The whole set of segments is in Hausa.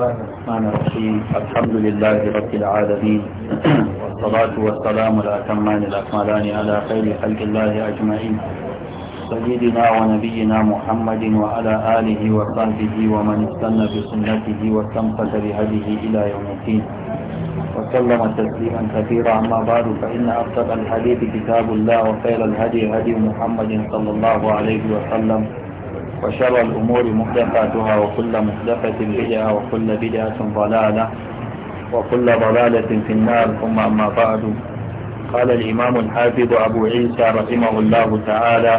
الله الرحمن الرحيم الحمد لله رب العالمين والصلاة والسلام الأتمان الأكملان على خير خلق الله أجمعين سيدنا ونبينا محمد وعلى آله وصحبه ومن استنى بسنته واستمسك بهديه إلى يوم الدين وسلم تسليما كثيرا أما بعد فإن أصدق الحديث كتاب الله وخير الهدي هدي محمد صلى الله عليه وسلم وشر الأمور محدثاتها وكل محدثة بدعة وكل بدعة ضلالة وكل ضلالة في النار ثم أما بعد قال الإمام الحافظ أبو عيسى رحمه الله تعالى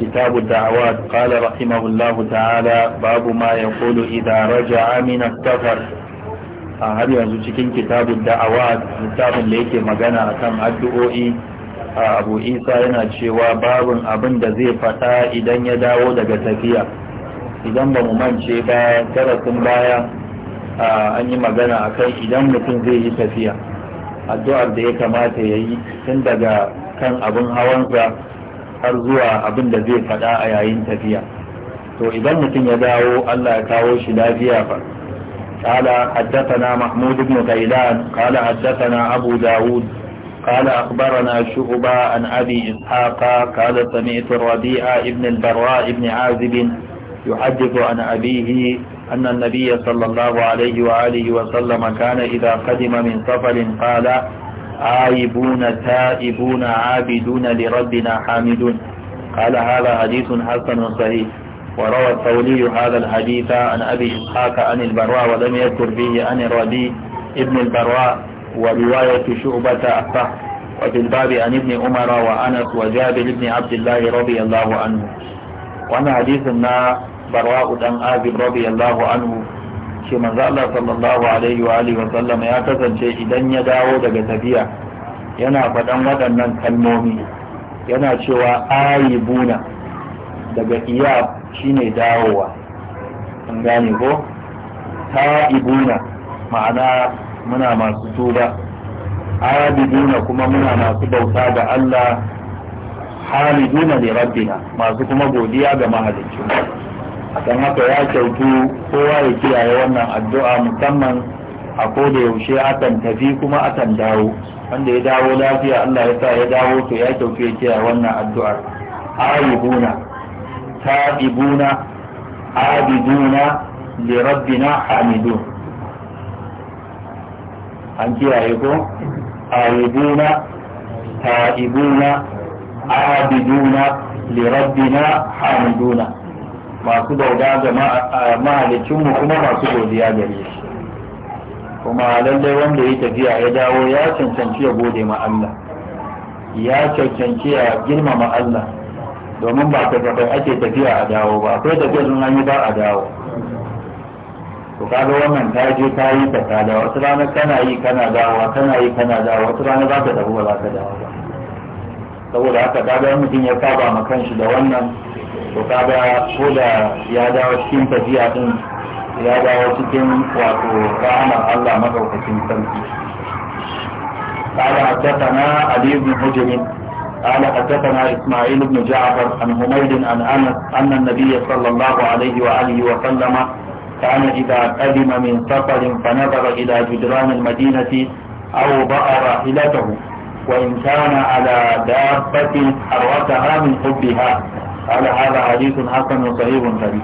كتاب الدعوات قال رحمه الله تعالى باب ما يقول إذا رجع من السفر هل ينزل كتاب الدعوات كتاب ليك مغنى كم أدعوئي abu isa yana cewa babin abin da zai faɗa idan ya dawo daga tafiya idan ba mu mance ba darasin baya an yi magana akan idan mutum zai yi tafiya addu'ar da ya kamata ya yi tun daga kan abin hawansa har zuwa abin da zai faɗa a yayin tafiya to idan mutum ya dawo allah ya kawo shi lafiya fa قال حدثنا محمود بن غيلان قال حدثنا أبو داود قال أخبرنا شعبة عن أبي إسحاق قال سمعت الربيع ابن البراء ابن عازب يحدث عن أبيه أن النبي صلى الله عليه وآله وسلم كان إذا قدم من سفر قال عايبون تائبون عابدون لربنا حامدون قال هذا حديث حسن صحيح وروى الثولي هذا الحديث عن أبي إسحاق عن البراء ولم يذكر فيه عن الربيع ابن البراء ورواية شعبة صح وفي الباب عن ابن عمر وأنس وجابر بن عبد الله رضي الله عنه وأنا حديثنا براء دان آبر رضي الله عنه shi manzo Allah sallallahu alaihi wa alihi wa sallam ya kasance idan ya dawo daga tafiya yana faɗan waɗannan kalmomi yana cewa ayibuna daga iya shine dawowa an gane ko ta'ibuna ma'ana muna masu tuba abiduna kuma muna masu bauta ga Allah haliduna li rabbina masu kuma godiya ga mahalicci dan haka ya kyautu kowa ya kiyaye wannan addu'a musamman a koda yaushe akan tafi kuma akan dawo wanda ya dawo lafiya Allah ya sa ya dawo to ya kyautu ya kiyaye wannan addu'ar aibuna ta'ibuna abiduna li rabbina hamidun an kiyaye ko aibuna taibuna abiduna lirabbina hamiduna masu bauta ga mahalicinmu kuma masu godiya gare shi kuma lallai wanda ya tafiya ya dawo ya cancanci ya gode ma Allah ya cancanci ya girmama Allah domin ba ta ake tafiya a dawo ba akwai tafiya sun an yi ba a dawo to kaga wannan ta je ta yi ta kada wasu rana kana yi kana dawa kana yi kana dawa wasu rana za ta dawo ba za ka dawo ba saboda haka kaga mutum ya saba ma kanshi da wannan to kaga ko da ya dawo cikin tafiya din ya dawo cikin wato rahmar Allah madaukakin sarki قال حدثنا علي بن حجر قال حدثنا اسماعيل بن جعفر عن حميد عن انس ان النبي صلى الله عليه واله وسلم كان إذا قدم من سفر فنظر إلى جدران المدينة أو ضع راحلته وإن كان على دابة حرتها من حبها قال هذا حديث حسن صحيح غريب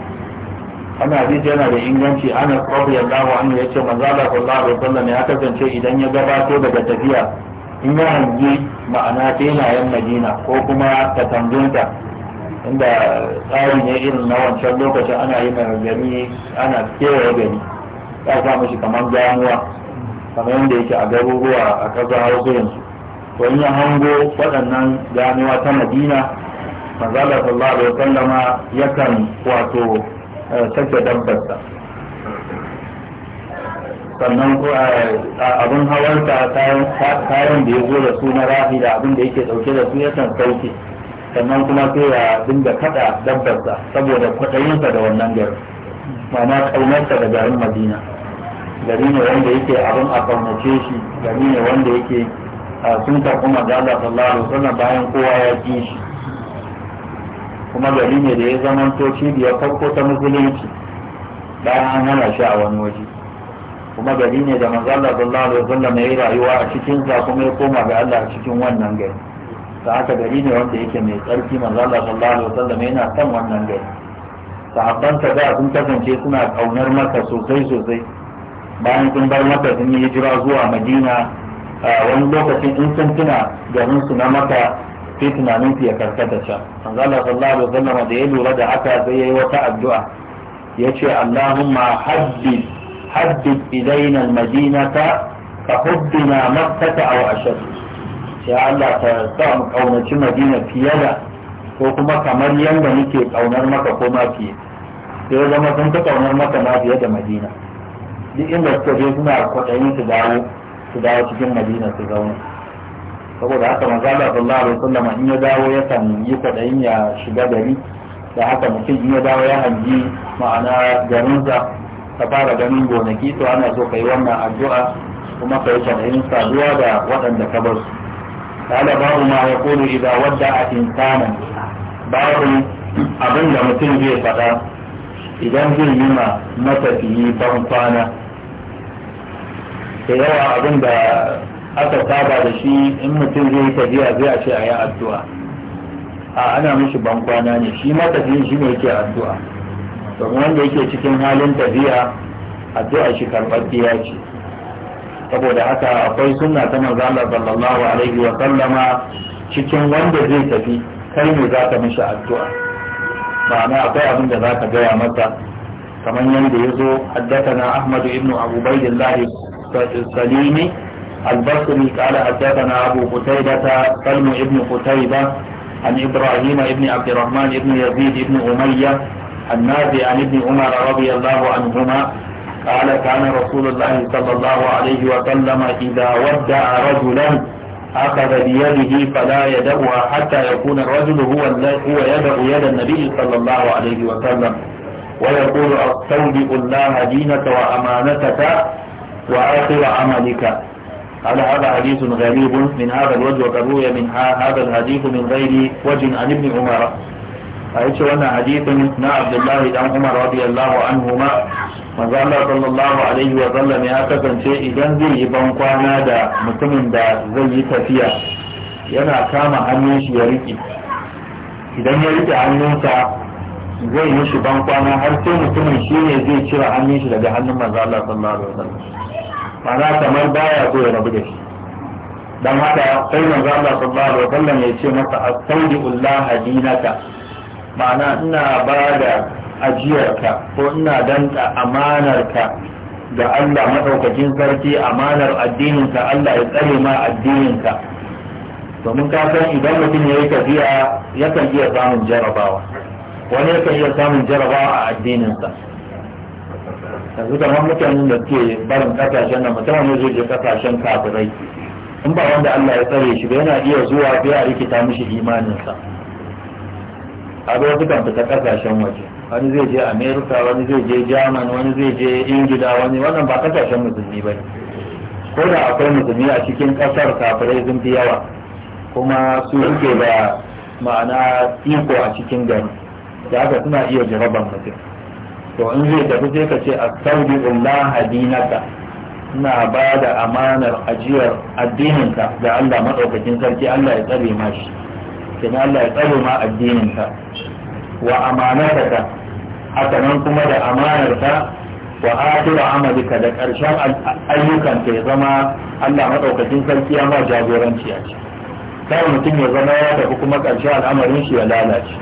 ana hadisi yana da inganci ana rabu yallahu anhu ya ce manzo Allah sallallahu alaihi wasallam ya kasance idan ya gabato daga tafiya in ya hangi ma'ana tenayen Madina ko kuma katambinta inda tsari ne irin na wancan lokacin ana yi mai gani ana kewaye gari ya sa mashi kamar ganuwa kamar yadda yake a garuruwa a ƙasa hausa yanzu to in ya hango waɗannan ganuwa ta madina manzala sallallahu alaihi wasallama yakan wato eh, sake dabbarsa sannan eh, abin hawarta kayan da ya zo da su na rafi da abin da yake dauke da su yakan sauke sannan kuma sai ya dinga kada dabbarsa saboda kwaɗayinsa da wannan garin Mama kaunarsa da garin madina gari ne wanda yake abin a kaunace shi gari ne wanda yake a sun karɓi manzala sallallahu alaihi wasallam bayan kowa ya ƙi shi kuma gari ne da ya zama to ya farko ta musulunci bayan an hana shi a wani waje kuma gari ne da manzala sallallahu alaihi wasallam ya yi rayuwa a cikinsa kuma ya koma ga Allah a cikin wannan gari da gari ne wanda yake mai tsarki manzo Allah sallallahu alaihi wasallam yana son wannan gari sahabban da sun kasance suna kaunar maka sosai sosai bayan sun bar maka sun yi hijira zuwa Madina wani lokacin in sun tuna garin su na maka sai tunanin su ya karkata can manzo Allah sallallahu alaihi wasallam da ya lura da haka sai yayi wata addu'a yace Allahumma haddid haddid ilaina al-madinata ka huddina makkata aw ashad sai Allah ta sa mu kaunaci Madina fiye da ko kuma kamar yadda muke kaunar maka ko ma fiye sai zama sun fi kaunar maka ma fiye da Madina duk inda suka je suna kwaɗayin su dawo su dawo cikin Madina su zauna saboda haka maza Allah sallallahu alaihi da in ya dawo yakan yi kwaɗayin ya shiga gari da haka mutum in ya dawo ya hangi ma'ana garinsa ka fara ganin gonaki to ana so ka yi wannan addu'a kuma ka yi kwaɗayin saduwa da waɗanda ka bar su قال باب ما يقول إذا ودع إنسانا باب abin da mutum zai faɗa idan zai yi ma matafiyi ban kwana da yawa abin aka saba da shi in mutum zai yi tafiya zai ce a yi addu'a a ana mishi ban kwana ne shi matafiyin shi ne yake addu'a domin wanda yake cikin halin tafiya addu'a shi karɓar ce saboda haka akwai sunna ta manzo Allah sallallahu alaihi wa sallama cikin wanda zai tafi kai ne zaka mishi addu'a ma'ana akwai abin da zaka gaya masa kamar yadda ya zo haddathana Ahmad ibn Abu Baydillah Salimi البصري قال abu أبو قتيبة سلم ابن قتيبة عن إبراهيم ابن عبد الرحمن ابن يزيد ابن أمية النافع عن ابن عمر رضي الله عنهما قال كان رسول الله صلى الله عليه وسلم إذا ودع رجلا أخذ بيده فلا يدعها حتى يكون الرجل هو هو يدع يد النبي صلى الله عليه وسلم ويقول أستودع الله دينك وأمانتك وآخر عملك على هذا حديث غريب من هذا الوجه وقد روي من هذا الحديث من غير وجه عن ابن عمر أيش وانا حديث نا عبد الله بن عمر رضي الله عنهما manzo Allah sallallahu alaihi wa sallam ya kasance idan zai yi ban kwana da mutumin da zai yi tafiya yana kama hannun shi ya rike idan ya rike hannunsa zai mishi ban kwana har sai mutumin shi ne zai cire hannun shi daga hannun manzo Allah sallallahu alaihi wa sallam ma'ana kamar baya so ya rabu da shi dan haka sai manzo Allah sallallahu alaihi wa sallam ya ce masa astaudi'ullah dinaka ma'ana ina ba da ajiyarka ko ina danka amanarka ga Allah madaukakin sarki amanar addininka Allah ya tsare ma addininka domin ka san idan mutum ya yi tafiya yakan iya samun jarabawa wani yakan iya samun jarabawa a addininsa yanzu kamar mutanen da ke barin kasashen nan mutum ne zai je kasashen kafirai in ba wanda Allah ya tsare shi ba yana iya zuwa sai a rikita mishi imaninsa a ga wasu kan fita kasashen waje wani zai je america wani zai je german wani zai je ingila wani wannan ba kasashen musulmi ba ko da akwai musulmi a cikin kasar kafirai sun fi yawa kuma su suke da ma'ana iko a cikin gari da haka suna iya jaraban mutum to in zai tafi sai ka ce saudi ullah hadinaka na ba da amanar ajiyar addininka da Allah maɗaukakin sarki Allah ya tsare ma shi kenan Allah ya tsare ma addininka wa amanataka haka kuma da amanarta wa akhiru amalika da karshen ayyukan ta ya zama Allah madaukakin sarki ya ma jagoranci a ci kai mutum ya zama ya tafi kuma karshen al'amarin shi ya lalace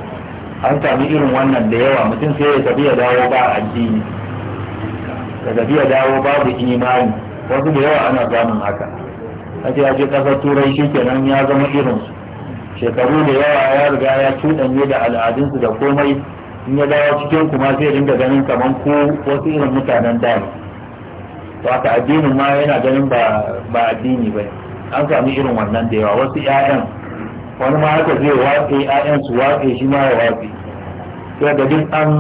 an sami irin wannan da yawa mutum sai ya tafi ya dawo ba addini ya tafi ya dawo babu imani wasu da yawa ana samun haka ake ya ce kasar turai shi kenan ya zama irinsu shekaru da yawa ya riga ya cuɗanye da al'adunsu da komai in ya dawo cikin kuma zai dinga ganin kamar ko wasu irin mutanen da ne to haka addinin ma yana ganin ba addini ba an sami irin wannan da yawa wasu 'ya'yan wani ma haka zai watse ƴaƴan su waƙe shi ma ya waƙe. sai da duk an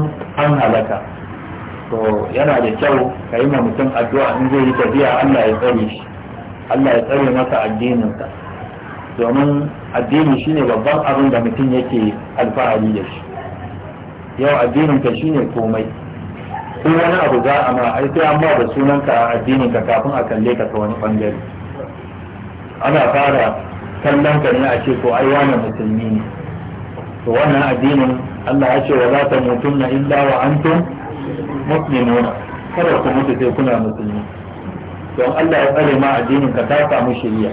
an halaka to yana da kyau ka yi ma mutum addu'a in zai yi tafiya Allah ya tsare shi Allah ya tsare masa addininsa domin addini shine babban abin da mutum yake alfahari da shi yau addinin ka shine komai ko wani abu za a ma ai sai an ba da sunan ka addinin ka kafin a kalle ka ta wani bangare ana fara kallon ka ne a ce ko ai musulmi ne to wannan addinin Allah ya ce wa za ta na illa wa antum muslimuna kada ku mutu sai kuna musulmi don Allah ya tsare ma addinin ka ta samu shari'a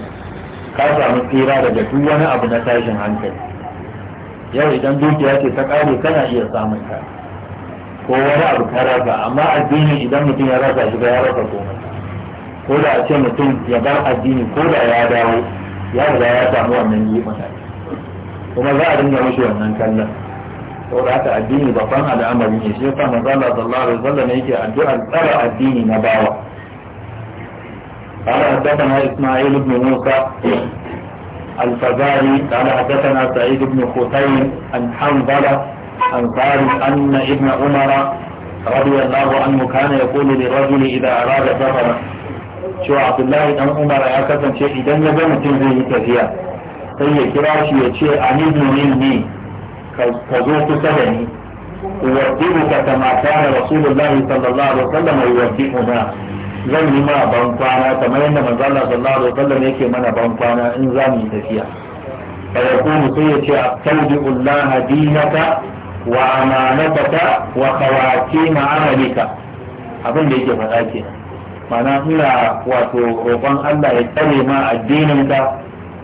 ka samu tsira daga duk wani abu na tashin hankali yau idan dukiya ce ta ƙare kana iya samun ta ko wani abu ka rasa amma addini idan mutum ya rasa shi ya rasa komai ko da a ce mutum ya bar addini ko da ya dawo ya riga ya samu wannan yi mata kuma za a dinga mishi wannan kallon ko da haka addini babban al'amari ne shi ya sa manzo Allah sallallahu alaihi wasallam yake addu'a tsara addini na bawa قال حدثنا اسماعيل بن موسى الفزاري قال حدثنا سعيد بن خثيم عن حنظلة عن قال أن ابن عمر رضي الله عنه كان يقول للرجل إذا أراد سفرا شو عبد الله بن عمر يا كتم شيء إذا يجب متن زي تفيا sai ya kira shi ya ce a nizmin ne ka zo kusa da ni uwaddi'uka kama kana zan yi ma ban kwana kamar yadda manzo Allah sallallahu alaihi wasallam yake mana ban kwana in za mu yi tafiya fa yaqulu sai ya ce astaudi'u Allah dinaka wa amanataka wa khawatim amalika abin da yake faɗa ke. ma'ana ina wato roƙon Allah ya tsare ma addininka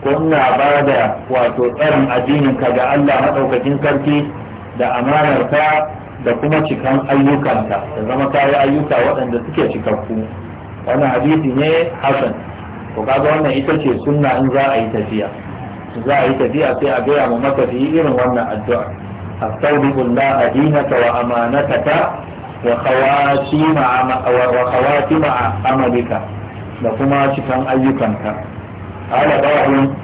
ko ina ba da wato tsarin addininka ga Allah maɗaukakin sarki da amanarka da kuma cikan ayyukanka da zama kayi ayyuka waɗanda suke cikakku wannan hadisi ne hasan to kaga wannan ita ce sunna in za a yi tafiya za a yi tafiya sai a gaya mu maka matafiyi irin wannan addu'a astaudiqu Allah dinaka wa amanataka wa khawati ma wa khawati ma amalika da kuma cikan ayyukanka ala ba'un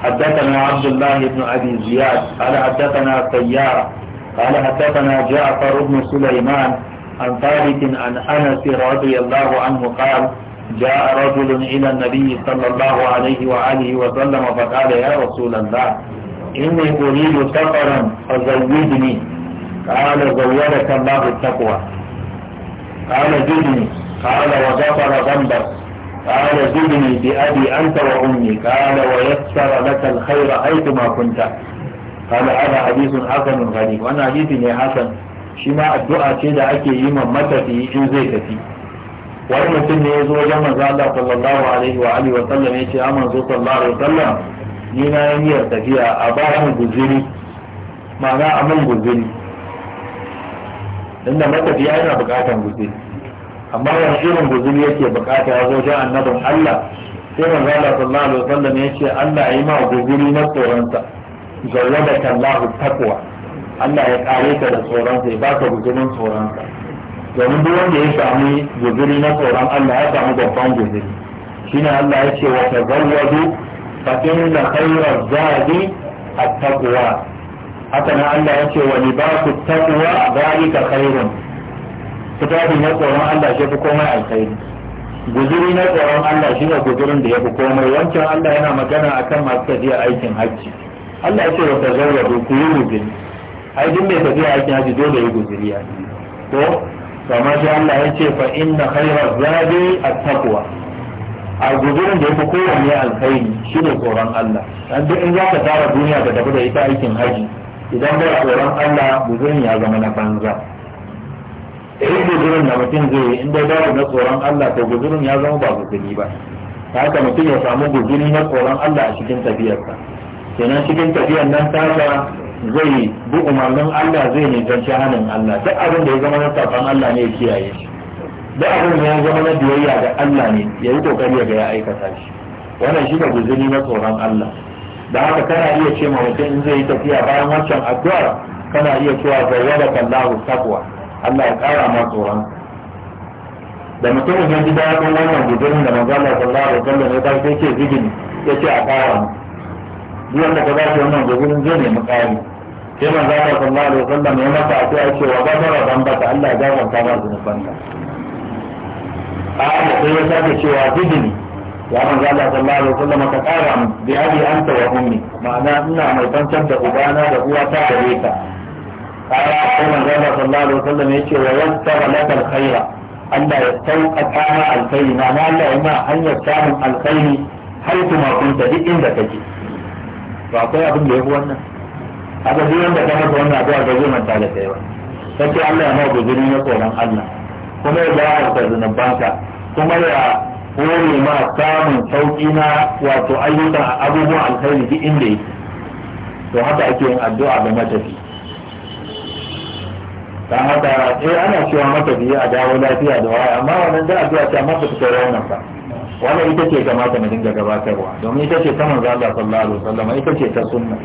حدثنا عبد الله بن ابي زياد قال حدثنا سيار قال حدثنا جعفر بن سليمان عن ثابت عن أنس رضي الله عنه قال جاء رجل إلى النبي صلى الله عليه وآله وسلم فقال يا رسول الله إني أريد سفرا فزودني قال زودك الله التقوى قال زدني قال وغفر ذنبك قال زدني بأبي أنت وأمي قال ويسر لك الخير حيثما كنت قال هذا حديث حسن غريب وأنا حديث حسن shi ma addu'a ce da ake yi ma matafi in zai tafi wani mutum ne ya zo wajen manzo Allah sallallahu alaihi wa alihi wa sallam ya ce a ah, manzo sallallahu alaihi wa sallam ni na yi niyyar tafiya a ba mu guzuri ma'ana a mun guzuri inda matafiya yana bukatan guzuri amma wani shirin guzuri yake bukata ya zo wajen annabin Allah sai manzo Allah sallallahu alaihi wa sallam ya ce Allah ya yi ma guzuri na tsoronsa gawwadaka Allahu taqwa Allah ya kare ka da tsoron ya ba ka guzurin tsoron ka domin duk wanda ya sami guzuri na tsoron Allah ya samu babban guzuri shine Allah ya ce wa tazawwadu fa inna khayra zadi at-taqwa haka nan Allah ya ce wa libasu taqwa zalika khairun kitabi na tsoron Allah shi fi komai alkhairi guzuri na tsoron Allah shi ne guzurin da ya fi komai wancan Allah yana magana akan masu tafiya aikin hajji Allah ya ce wa tazawwadu ku yi guzuri ai duk mai tafiya aikin haji dole yi guzuri a ko to amma shi Allah ya ce fa inna khayra zadi at-taqwa a guzurin da yafi kowanne alkhairi shine tsoron Allah dan duk in zaka tara duniya da tafi da ita aikin haji idan bai tsoron Allah guzurin ya zama na banza irin guzurin da mutum zai yi inda dai babu na tsoron Allah to guzurin ya zama ba guzuri ba ta haka mutum ya samu guzuri na tsoron Allah a cikin tafiyarsa kenan cikin tafiyar nan tasa zai bi umarnin Allah zai ne zance hannun Allah duk abin da ya zama na safan Allah ne ya kiyaye shi duk abin da ya zama na biyayya ga Allah ne ya yi kokari ga ya aikata shi wannan shi ne guzuri na tsoron Allah da haka kana iya ce ma mutum in zai yi tafiya bayan wancan addu'ar kana iya cewa zawwala kallahu taqwa Allah ya kara ma tsoron da mutumin ya ji daɗin wannan guzurin da manzo Allah sallallahu alaihi wasallam ya ba sai ce zigini ya ce a kara mu duk wanda ka ba shi wannan guzurin zai nemi ƙari sai manzo Allah sallallahu alaihi wasallam ya masa a cewa gafara bambata Allah ya gafarta ma zunubanka a'a sai ya sake cewa bidini ya manzo Allah sallallahu alaihi wasallam ka kara bi abi anta wa ummi ma'ana ina mai tantar da ubana da uwata da reka kara sai manzo Allah sallallahu alaihi wasallam ya ce wa yassara laka alkhaira Allah ya sauƙaƙa ma alkhairi na Allah ya ma hanyar samun alkhairi har kuma kunta duk inda kake ba akwai abin da ya fi wannan haka duk wanda ka masa wannan addu'a ba zai manta da kai ba kace Allah ya mawa guzuri na tsoron Allah kuma ya ba ka banka. kuma ya hore ma samun sauki na wato ayyukan abubuwan alkhairi duk inda yake to haka ake yin addu'a ga matafi dan haka eh ana cewa matafi a dawo lafiya da waya amma wannan da addu'a ta maka ta wannan fa wannan ita ce kamata mu dinga gabatarwa domin ita ce ta manzo Allah sallallahu alaihi wasallam ita ce ta sunna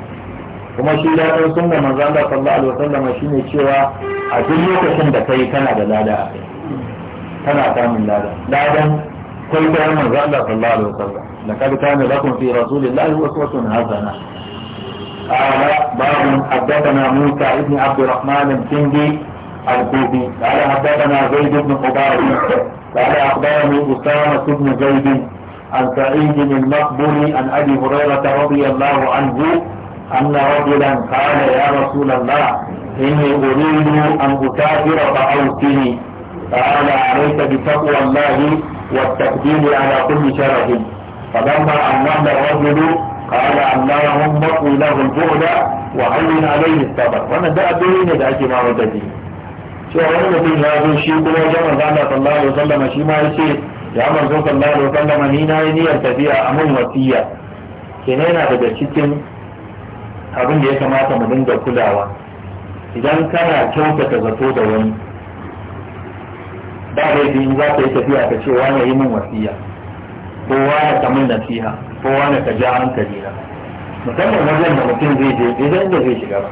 kuma shi daɗin sunna manzo Allah sallallahu alaihi wasallam ne cewa a duk lokacin da kai kana da lada a kai kana samun lada ladan kai da manzo Allah sallallahu alaihi wasallam laqad kana lakum fi rasulillahi uswatun hasana قال باب حدثنا موسى ibn abdurrahman tindi al الكوفي قال حدثنا zaid ibn قباري قال اخبرني usama ibn zaid عن سعيد المقبري عن ابي هريره رضي الله عنه أن رجلا قال يا رسول الله إني أريد أن أكافر فأوصني قال عليك بتقوى الله والتقديم على كل شرف فلما أمام الرجل قال اللهم اطوي له البعد وعين عليه الصبر وانا ده أدري ده أكي ما ودتي شو أولا في هذا الشيء كما جمع الله صلى الله عليه وسلم شيء ما يشيء ya manzo sallallahu alaihi wasallam ni na yi niyyar tafiya a mun wasiya kenan yana daga cikin abin da ya kamata mu dinga kulawa idan kana kyautata zato da wani ba laifi in za ka yi tafiya ka ce wani yi min wasiya ko wani ka min nasiha ko wani ka ja hankali na musamman wajen da mutum zai je idan da zai shiga ba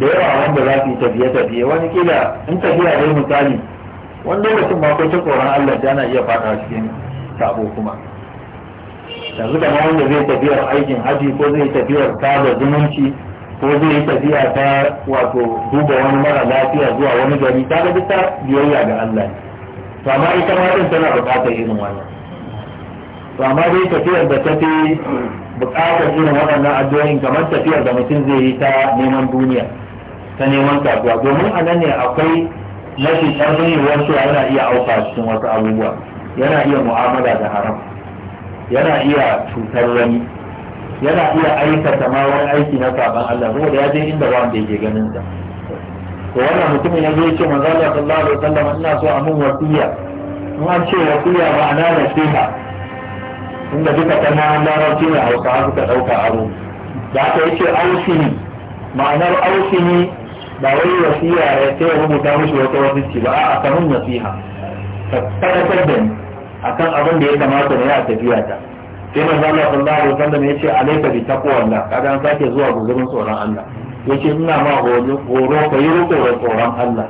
da yawa wanda za su yi tafiye-tafiye wani kila in tafiya dai misali wani lokacin ba ko ta tsoron Allah tana iya fata cikin sabo kuma yanzu kamar wanda zai tafiyar aikin haji ko zai tafiyar da zumunci ko zai tafiya ta wato duba wani mara lafiya zuwa wani gari ta ga ta biyayya ga Allah to amma ita ma din tana buƙatar irin wannan to amma dai tafiyar da ta fi buƙatar irin waɗannan addu'o'in kamar tafiyar da mutum zai yi ta neman duniya ta neman kasuwa domin a nan ne akwai mafi ƙarfin yiwuwar cewa yana iya auka cikin wasu abubuwa yana iya mu'amala da haram yana iya cutar wani yana iya aikata ma wani aiki na saban Allah saboda ya je inda ba wanda yake ganin sa to wannan mutumin ya zo ya ce manzo Allah sallallahu alaihi wasallam ina so a mun wasiya in an ce wasiya ba ana nasiha inda duka kana larabci ne Hausa suka dauka aro da aka yace ausini ma'anar ausini ba wai wasiya ya ce rubuta mishi wata wasiya ba a'a kamun nasiha ka tabbatar da ni akan abin da ya kamata ne a tafiya ta sai man zama sallallahu alaihi wasallam ya ce alaika bi taqwallah kada an sake zuwa guzurin tsoron Allah yace ina ma horo ka yi roƙo da tsoron Allah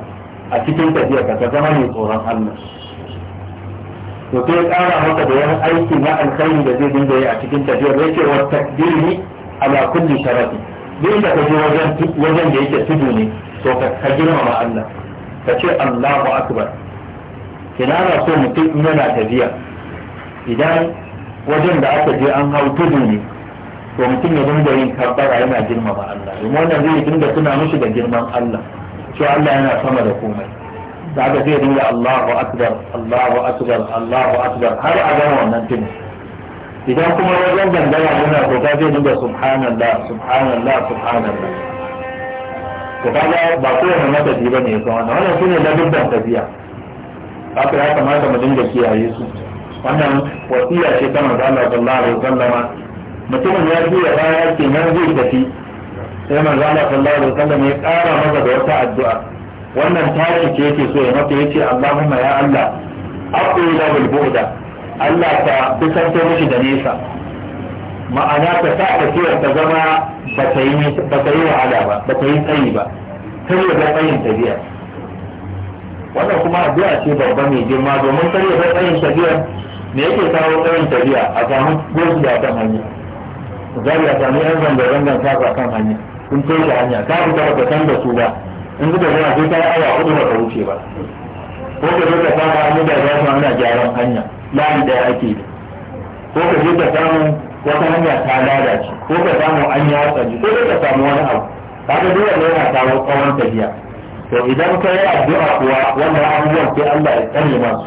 a cikin tafiya ka zama mai tsoron Allah to sai kara maka da wani aiki na alkhairi da zai dinga yi a cikin tafiya. yace wa takdiri ala kulli sharafi duk da kaje wajen wajen da yake tudu ne to ka girmama Allah ka ce Allahu akbar kina na so mutum yana tafiya idan wajen da aka je an hau tudu ne to mutum ya dinga yin kabbara yana girma ba Allah domin wannan zai dinga tuna mishi da girman Allah to Allah yana sama da komai da aka zai dinga Allahu akbar Allahu akbar Allahu akbar har a gama wannan tudu idan kuma wajen gangara yana ka zai dinga subhanallah subhanallah subhanallah to kaga ba kowane matafi bane ya san wannan wannan shine ladabban tafiya haka ya kamata mu dinga kiyaye su wannan wasiya ce ta manzo Allah sallallahu alaihi wasallam mutumin ya juya baya kenan zai tafi sai manzo Allah sallallahu alaihi wasallam ya ƙara masa da wata addu'a wannan tashi ce yake so ya mata yace Allahumma ya Allah la bil bu'da Allah ta kusanto mishi da nesa ma'ana ta sa tafiyar ta zama ba ta yi wahala ba ba ta yi tsayi ba kar ya ga tsayin tafiya wannan kuma addu'a ce babba mai girma domin kare da tsayin tafiya me yake kawo tsayin tafiya a samu gosu da kan hanya misali a sami yan zanga-zangan a kan hanya kun toshe hanya ka fita ta san da su ba in zuba zuwa sai ta awa hudu ta wuce ba ko ka zo ka samu hannu da za su ana gyaran hanya layi daya ake da ko ka je ka samu wata hanya ta lalace ko ka samu an yi hatsari ko ka samu wani abu kaga dole ne yana kawo tsawon tafiya to idan ka yi addu'a kuwa wannan abubuwan sai Allah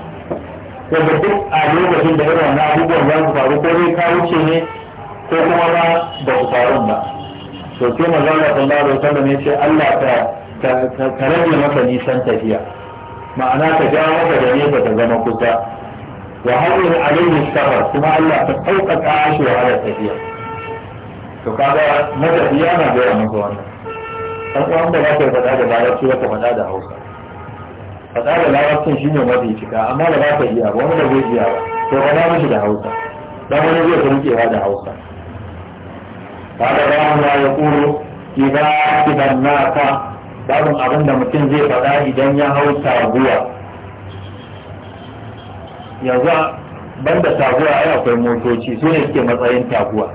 ya tsare masu wanda duk a lokacin da irin wannan abubuwan za su faru ko dai ka wuce ne ko kuma ba ba su faru ba to sai manzon Allah sallallahu alaihi wasallam ya ce Allah ta ka rage maka nisan tafiya ma'ana ka jawo maka da nesa ta zama kusa wa hawwin alaihi safar kuma Allah ta sauƙaƙa shi wahalar tafiya to kaga matafiya na gaya maka wannan an kuma ba za ka yi faɗa da larabci ba ka faɗa da hausa faɗa da larabcin shi ne mafi cika amma da ba ka iya ba wani da zai iya ba to faɗa mishi da hausa dan wani zai rikewa da hausa kada ba mu ya kuro kiba kiban naka babin abin da mutum zai faɗa idan ya hau saguwa yanzu banda sabuwa ai akwai motoci su ne suke matsayin taguwa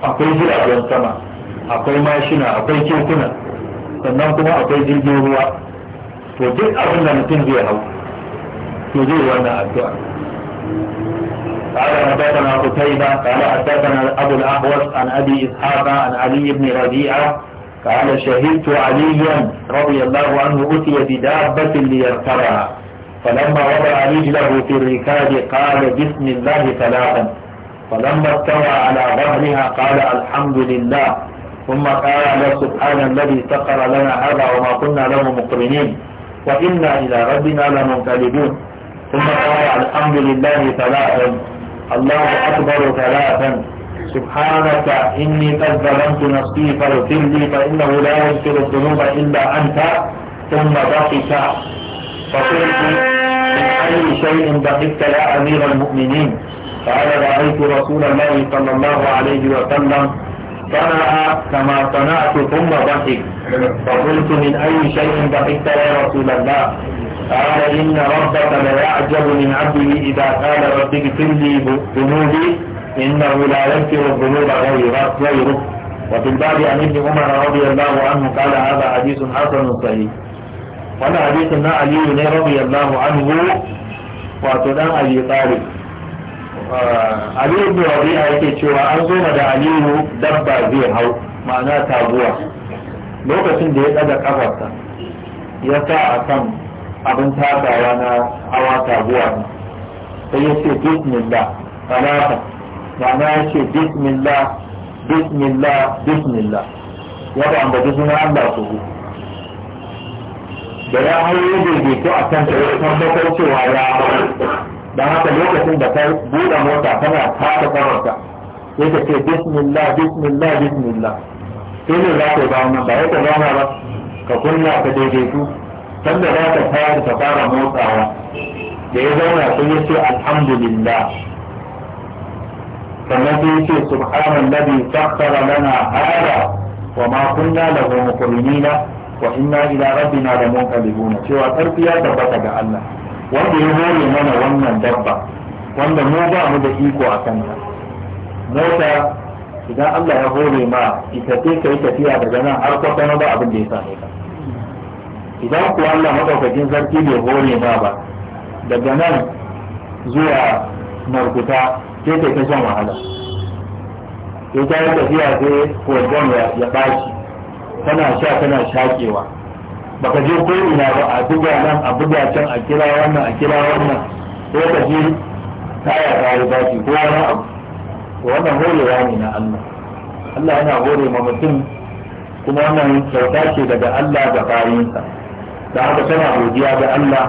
akwai jiragen sama akwai mashina akwai kekuna sannan kuma akwai jirgin ruwa to duk abin da mutum zai hau to zai wannan addu'a قال حدثنا قتيبة قال حدثنا أبو الأحوص عن أبي إسحاق عن علي بن ربيعة قال شهدت عليا رضي الله عنه أتي بدابة ليركبها فلما وضع رجله في الركاب قال بسم الله ثلاثا فلما استوى على ظهرها قال الحمد لله ثم قال سبحان الذي سخر لنا هذا وما كنا له مقرنين وإنا إلى ربنا لمنقلبون ثم قال الحمد لله ثلاثا الله أكبر ثلاثا سبحانك إني قد ظلمت نفسي فاغفر لي فإنه لا يغفر الذنوب إلا أنت ثم ضحك فقلت من أي شيء ضحكت يا أمير المؤمنين قال رأيت رسول الله صلى الله عليه وسلم صنع كما صنعت ثم ضحك فقلت من أي شيء ضحكت يا رسول الله قال إن ربك ليعجب من عبده إذا قال رب اغفر لي ذنوبي إنه لا يغفر الذنوب غيرك وفي الباب عن ابن عمر رضي الله عنه قال هذا حديث حسن صحيح ولا حديث علي رضي الله عنه وتدان أبي طالب Eh, aliyu rabi'a yake cewa an zo da aliyu dabba zai hau ma'ana taguwa lokacin da ya ɗaga ƙafarsa ya sa a kan abin takawa na hawa taguwa sai ya ce bismillah talata ma'ana ya ce bismillah bismillah bismillah ya ba ambaci suna Allah su da ya hau ya to a kan ta ya tabbatar cewa ya hau da haka lokacin da ta buɗe mota tana taka kamarta sai ta ce bismillah bismillah bismillah sai ne za ka ba wannan ba ya ta zauna ba ka kunna ka daidaitu sanda za ta tashi ta fara motsawa da ya zauna sai ya ce alhamdulillah sannan sai ya ce subhanan ladhi sakhkhara lana hada wa ma kunna lahu muqrinina wa inna ila rabbina lamunqalibuna cewa ya tabbata ga Allah wanda ya hore mana wannan dabba wanda mu ba mu da iko a kanta mota idan Allah ya hore ma ita ce yi tafiya daga nan har kwata ba abin da ya same ka idan kuwa Allah madaukakin sarki bai hore ma ba daga nan zuwa markuta sai kai ta shan wahala sai ta yi tafiya sai kogon ya ɓaci tana sha tana shakewa baka je ko ina ba a buga nan a buga can a kira wannan a kira wannan ko ka je taya ta yi baki ko wani abu to wannan horewa ne na Allah Allah yana hore ma mutum kuma wannan kyauta ce daga Allah ga bayinsa da haka tana godiya ga Allah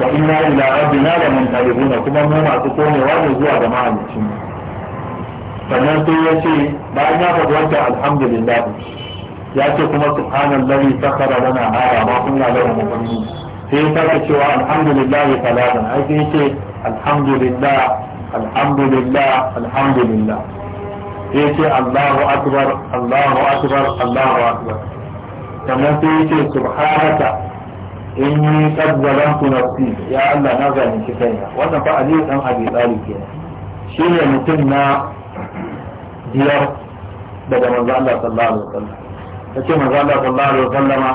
wa inna ila rabbina la munqalibuna kuma mu masu komewa ne zuwa ga mahaliccin sannan sai ya ce bayan ya faɗi wancan alhamdulillah ya ce kuma subhanallahi sakhara lana hada ma kunna lahu muqrinin sai ya sake cewa alhamdulillahi talatan ai sai ce alhamdulillah alhamdulillah alhamdulillah sai ce Allahu akbar Allahu akbar Allahu akbar sannan sai yace subhanaka inni qad zalamtu nafsi ya Allah na zalunci kaina wannan fa Ali dan Abi Talib kenan shine mutum na biyar daga manzo Allah sallallahu alaihi wasallam ka ce manzo Allah sallallahu alaihi wasallama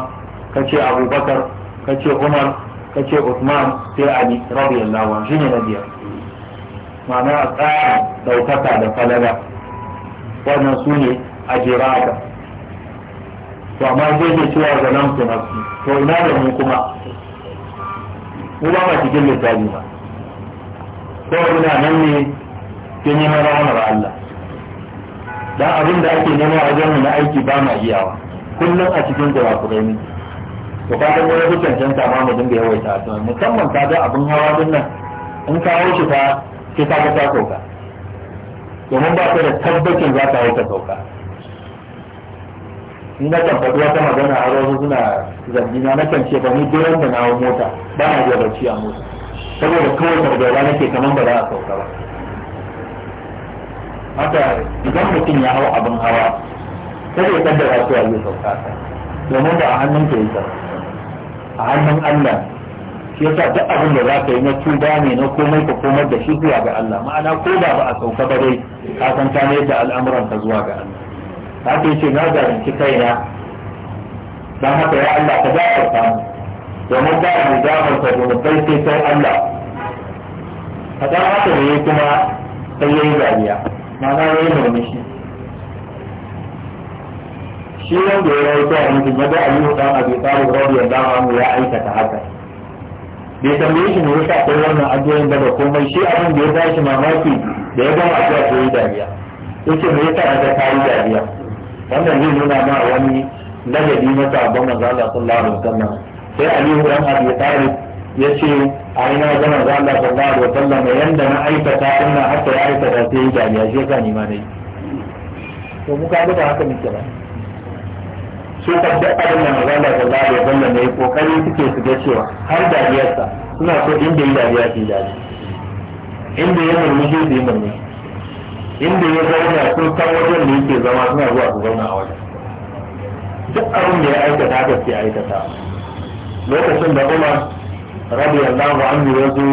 ka ce Abubakar ka ce Umar ka ce Uthman sai Ali radiyallahu anhu shine na biyar ma'ana a tsaya daukaka da falala wannan su ne a jiraka to amma zai ke cewa ga nan su nafsi to ina da mu kuma mu ba ma cikin lissafi ba Ko ina nan ne ke neman rahamar Allah dan abin da ake nema a wajen mu na aiki ba ma iyawa kullum a cikin kurakurai ne to ka ga wani hukuncin ta ma mu dinga yawaita a tunan musamman ka ga abin hawa din nan in ka hau shi ta, sai ka ga ta sauka domin ba ka da tabbacin za ka hau ta sauka in na kan faɗi wata magana a wasu suna zargi na kan ce ba ni duran da na hau mota ba na iya bacci a mota saboda kawai targaba nake kaman ba za a sauka ba haka idan mutum ya hau abin hawa sai ya kaddara cewa zai sauka ka domin ba a hannun ka yi a hannun Allah shi yasa duk abin da za ka yi na tuba ne na komai ka komar da shi zuwa ga Allah ma'ana ko da ba a sauka ba dai ka san ta ne da al'amuran ka zuwa ga Allah haka yace na zalunci kaina dan haka ya Allah ka gafarta mu domin ba mu gafarta domin kai sai sai Allah Ka dan haka ne kuma sai yayi dariya ma'ana yayi murmushi shi wanda ya yi ta yanki maza a yi dan abi talib radiyallahu mu ya aikata haka bai tambaye shi ne ya sa kai wannan da ba komai shi abin da ya tashi mamaki da ya gama addu'a ta yi dariya yace me yasa aka ta yi dariya wannan zai nuna ma wani ladabi na sabon manzo Allah sallallahu alaihi wasallam sai Ali dan Abi Talib ce a yi ina ga manzo Allah sallallahu alaihi wasallam yanda na aikata ina haka ya aikata sai ya dariya shi ka ni ma dai to muka ga ba haka muke ba su ka da abin na magana da za a yi wannan ne kokari suke su ga cewa har dariyarsa suna so inda yi dariya su yi dariya inda ya murmushi su yi murmushi inda ya zauna sun san wajen da yake zama suna zuwa su zauna a wajen duk abin da ya aikata haka ke aikata lokacin da Umar radiyallahu anhu yazo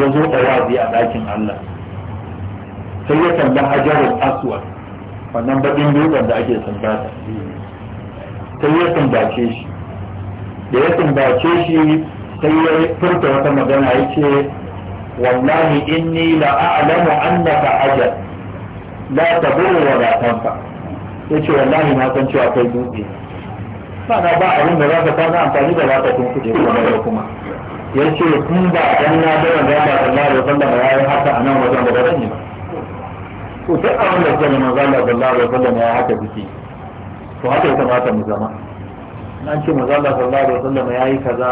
yazo tawazi a dakin Allah sai ya tambayi Hajarul Aswad wannan bakin dutsen da ake sandata sai ya tambace shi da ya tambace shi sai ya furta wata magana ya ce wallahi inni la a'lamu annaka ajal la tadur wa la tanfa ce, wallahi na san cewa kai dutse sana ba abin da za ka fara amfani da zaka tun kuje kuma da kuma Ya ce, kun ba dan na da wanda ba sallallahu da wasallam ya yi haka nan wajen da ba zan yi ba to duk abin da ke manzo Allah sallallahu alaihi wasallam ya haka biki to haka ya kamata mu zama an ce manzo Allah sallallahu alaihi wasallam yayi kaza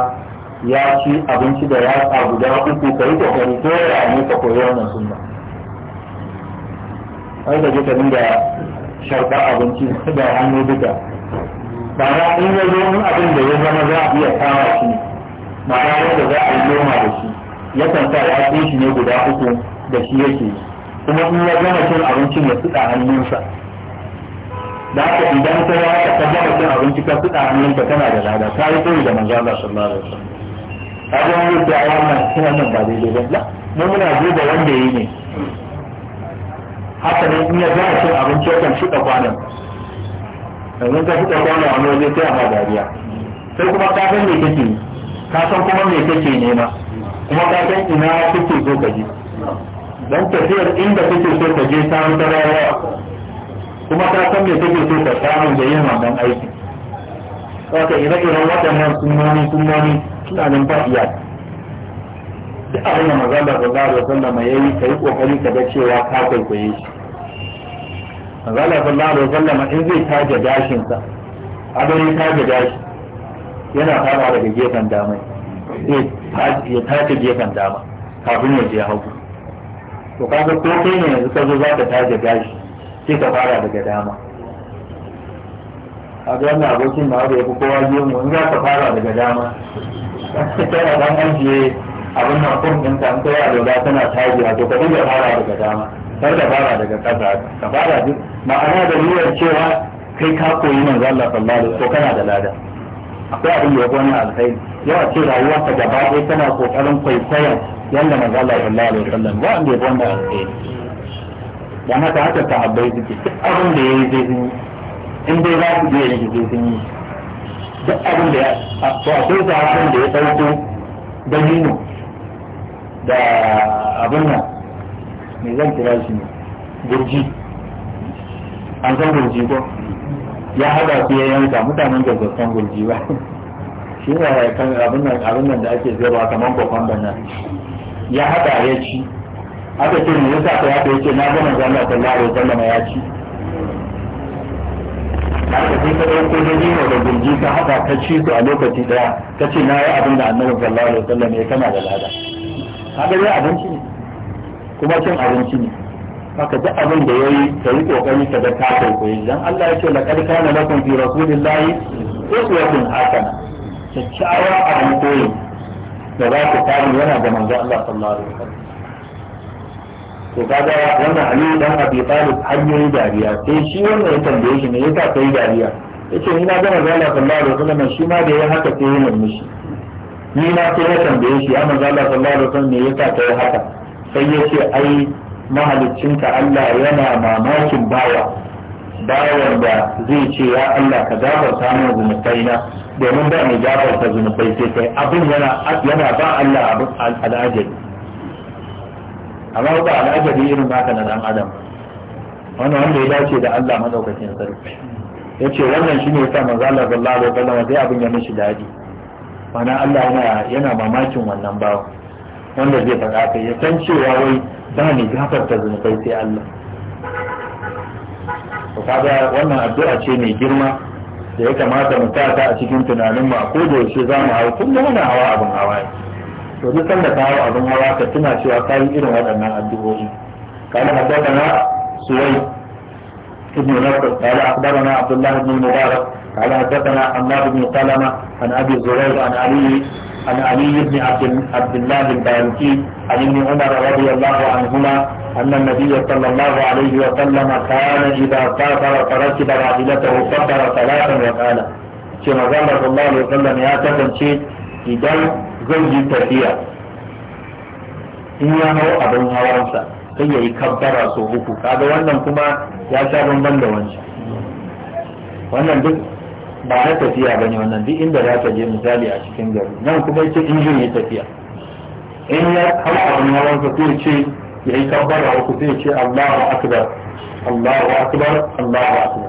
ya ci abinci da yatsa guda uku kai ko kai ko ya ne ka koyi wannan sunna ai da jika da sharba abinci da hannu duka ba na in ya zo mun abin da ya zama za a iya kawo shi ma'ana wanda za a yi noma da shi Ya kanta ya shi ne guda uku da shi yake kuma in ya gama cin abincin ya suɗa hannunsa da haka idan kai ya ka tabbata cin abinci ka fi hannun ka tana da lada ta yi koyi da manzo Allah sallallahu alaihi wasallam abin yin da wannan nan ba daidai ba mu muna duba wanda yi ne haka ne in ya ga cin abinci kan shi da kwanan yanzu ka fi da kwanan wani waje sai amma dariya sai kuma ka san me kake yi ka san kuma me kake nema kuma ka san ina kake so ka je dan tafiyar inda kake so ka je ta wutar kuma ta san me take so ta samu da yin wannan aiki saka ire-iren waɗannan sunnoni sunnoni suna nan ba iya da abin da manzon da sallallahu alaihi wasallam yayi kai kokari ka ga cewa ka kwaikwaye shi manzon da sallallahu alaihi wasallam in zai taje dashin sa abin ya taje gashi yana fara daga gefen dama ya ga gefen dama kafin ya je hagu to kaga ko kai ne yanzu ka zo za ka taje gashi sai ka fara daga dama a ga wannan abokin ma da ya fi kowa mu in za ka fara daga dama tana an ajiye abin nan kun din ta kai a lura tana tajiya to ka dinga fara daga dama kar da fara daga ƙasa ka fara duk ma'ana da niyyar cewa kai ka koyi nan Allah sallallahu alaihi kana da lada akwai abin da ya wani alkhairi yawa ce rayuwar ka gaba ɗaya tana kokarin kwaikwayon yanda manzo Allah sallallahu alaihi wasallam ba an da ya wani alkhairi dan haka haka abai suke duk abin da yayi zai sun in dai za su je yanzu zai sun yi duk abin da ya to ta sahabban da ya dauko nino da abin nan me zan kira shi ne gurji an san gurji ko ya haɗa su ya yanka mutanen da ba san gurji ba shi ne abin nan da ake ba kamar kokon bana ya haɗa ya ci aka ce me yasa ka yafe yace na ga manzo Allah sallallahu alaihi wasallam ya ci ka sai ka dauko da dino da gurji ka haka ka ci su a lokaci daya ka ce na yi abin da annabi sallallahu alaihi wasallam ya kana da lada haka dai abinci ne kuma cin abinci ne haka duk abin da yayi ka yi kokari ka ga ka kai dan Allah ya ce laqad kana lakum fi rasulillahi uswatun hasana kyakkyawa abin koyi da za ku kare yana da manzo Allah sallallahu alaihi wasallam to kaga wannan aliyu dan abi talib hanyoyi dariya sai eh, shi wannan ya tambaye shi me yasa kai dariya yace ni na ga manzo Allah sallallahu alaihi wasallam shi ma da ya haka sai ya murmushi ni na sai ya tambaye shi ya manzo Allah sallallahu alaihi wasallam me yasa kai haka sai ya ce ai mahaliccinka Allah yana mamakin bawa bawan da zai ce ya Allah ka gafarta min zunubai na domin ba mai gafarta zunubai sai kai abin yana yana ba Allah abin al'ajabi amma ba al'ajabi irin baka na dan adam wannan wanda ya dace da Allah madaukakin sarki yace wannan shine yasa manzo Allah sallallahu alaihi wasallam sai abin ya mishi dadi mana Allah yana yana mamakin wannan bawo wanda zai faɗa kai ya san cewa wai ba ni gafarta zunubai sai Allah to kaga wannan addu'a ce mai girma da ya kamata mu ta a cikin tunanin mu a kodayaushe yaushe za mu hawa kullum muna hawa abin hawa ne to duk sanda ka hau abin hawa ka tuna cewa ka yi irin waɗannan addu'o'i قال حدثنا سويد بن نصر قال اخبرنا عبد الله بن المبارك قال حدثنا عمار بن سلمه عن ابي زريع عن علي عن علي بن عبد الله الباركي عن ابن عمر رضي الله عنهما أن النبي صلى الله عليه وسلم كان إذا سافر فركب راحلته كبر ثلاثا وقال كما قال صلى الله عليه وسلم يا تكن شيء إذا zai yi tafiya in ya hau abin hawansa sai ya yi kabbara so uku kaga wannan kuma ya sha bamban da wancan wannan duk ba na tafiya ba ne wannan duk inda za ta je misali a cikin gari nan kuma ya ce in yi tafiya in ya hau abin hawansa sai ce ya yi kabbara uku sai ce Allahu akbar Allahu akbar Allahu akbar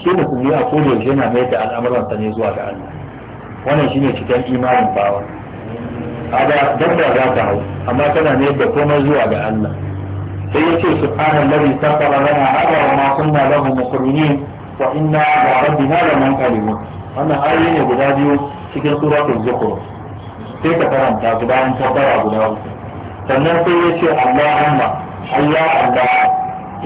shi musulmi a kodayaushe yana mai da al'amuransa ne zuwa ga Allah wannan shi ne cikin imanin bawa a da dabba za ta hau amma tana ne da komai zuwa ga Allah sai ya ce subhanan ladhi safara lana hadha wa ma kunna lahu muqrinin wa inna ila rabbina lamunqalibun wannan ayoyi ne guda biyu cikin suratul zukhruf sai ka karanta su bayan tabbara guda uku sannan sai ya ce Allahumma Allah Allah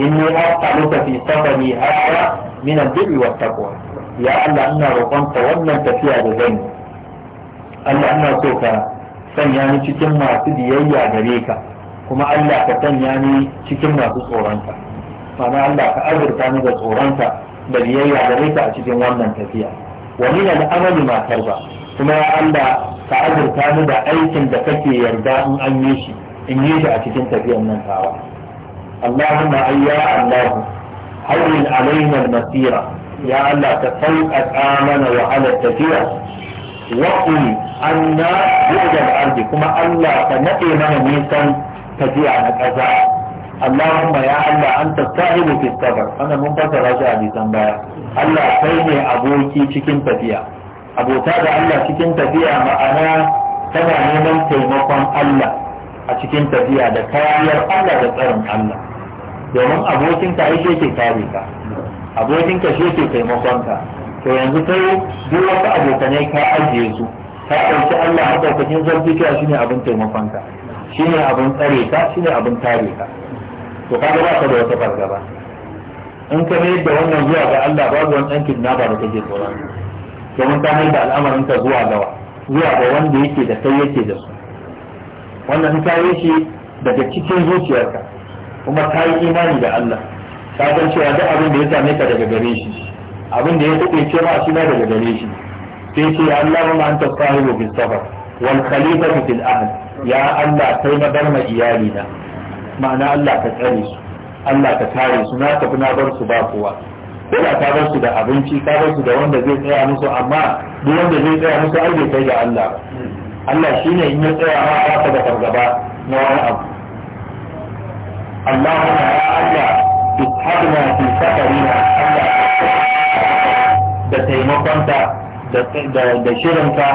inni as'aluka fi safari hada min al-birri wat taqwa ya Allah ina roƙonka wannan tafiya da zan yi Allah ina so ka sanya ni cikin masu biyayya gare ka kuma Allah ka sanya ni cikin masu tsoronka ma'ana Allah ka azurta ni da tsoronka da biyayya gare ka a cikin wannan tafiya wa min al'amali matar ba. kuma ya Allah ka azurta ni da aikin da kake yarda in an yi shi in yi shi a cikin tafiyan nan tawa اللهم أيا الله هون Ya Allah ka الله mana آمن وعلى التفيرة wa'in anna yu'jal ardi kuma Allah ka nade mana nisan tafiya na kaza Allahumma ya Allah anta sahibu fi sabr ana mun fassara shi a nisan baya Allah kai ne aboki cikin tafiya abota da Allah cikin tafiya ma'ana tana neman taimakon Allah a cikin tafiya da kariyar Allah da tsarin Allah domin abokinka ai ke kare ka abokinka shi yake taimakon ka to yanzu kai duk wasu abokanai ka ajiye su ka ɗauki Allah maɗaukakin zarfi kira shi ne abin taimakonka shi ne abin tsare ka shi ne abin tare ka to ka gaba ka da wata fargaba in ka mai da wannan zuwa ga Allah babu wani ɗan ba da kake tsoron domin ka mai da al'amarin ka zuwa gawa zuwa ga wanda yake da kai yake da su wannan ka yi shi daga cikin zuciyarka kuma ka yi imani da Allah ka san cewa duk abin da ya same ka daga gare shi abin da ya take ce ma shi na daga gare shi sai ce Allahumma anta sahibu bis safar wal khalifatu fil ahl ya Allah sai na bar ma iyali na ma'ana Allah ka tsare su Allah ka tare su na tafi na bar su ba kowa ko da ka bar su da abinci ka bar su da wanda zai tsaya musu amma duk wanda zai tsaya musu ai bai kai ga Allah Allah shine in ya tsaya ma ba ka da fargaba na wani abu Allahumma ya Allah ishadna fi safarina Allah da taimakonta da shirinka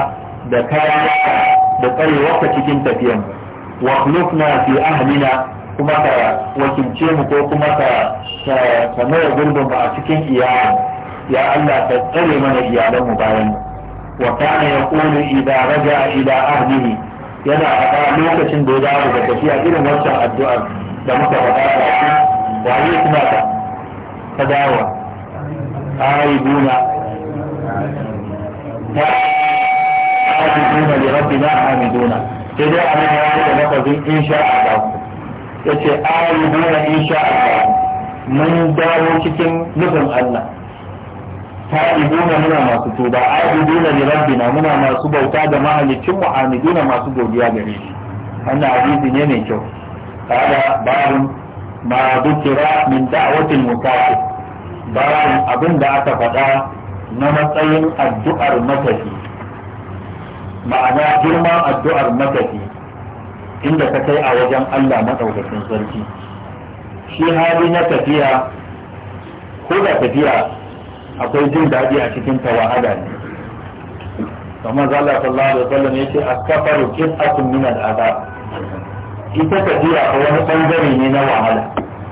da kayanka da tsarewarka cikin tafiyan wa khulufna fi ahlina kuma ka wakilce mu ko kuma ka ka mai gurbin ba a cikin iyalan ya Allah ka tsare mana iyalan mu bayan wa kana yaqulu idza raja'a ila ahlihi yana faɗa lokacin da ya dawo tafiya irin wancan addu'ar da muka faɗa da shi Waye ne kuma ka dawo ayi buna ta'atuna li rabbina amiduna sai dai abin ya ce lafazin insha Allah yace amiduna insha Allah mun dawo cikin nufin Allah Ta ta'ibuna muna masu tuba abiduna li rabbina muna masu bauta da mahallicin mu amiduna masu godiya gare shi wannan hadisi ne mai kyau kada babun ma dukira min da'watil musafir babun abin da aka faɗa na matsayin addu'ar matafi ma'ana girma addu'ar matafi inda ka kai a wajen Allah maɗaukakin sarki shi hali na tafiya ko da tafiya akwai jin daɗi a cikin ta wahala ne kamar zala sallallahu alaihi wasallam a as-safaru qit'atun min al-azab ita tafiya ko wani bangare ne na wahala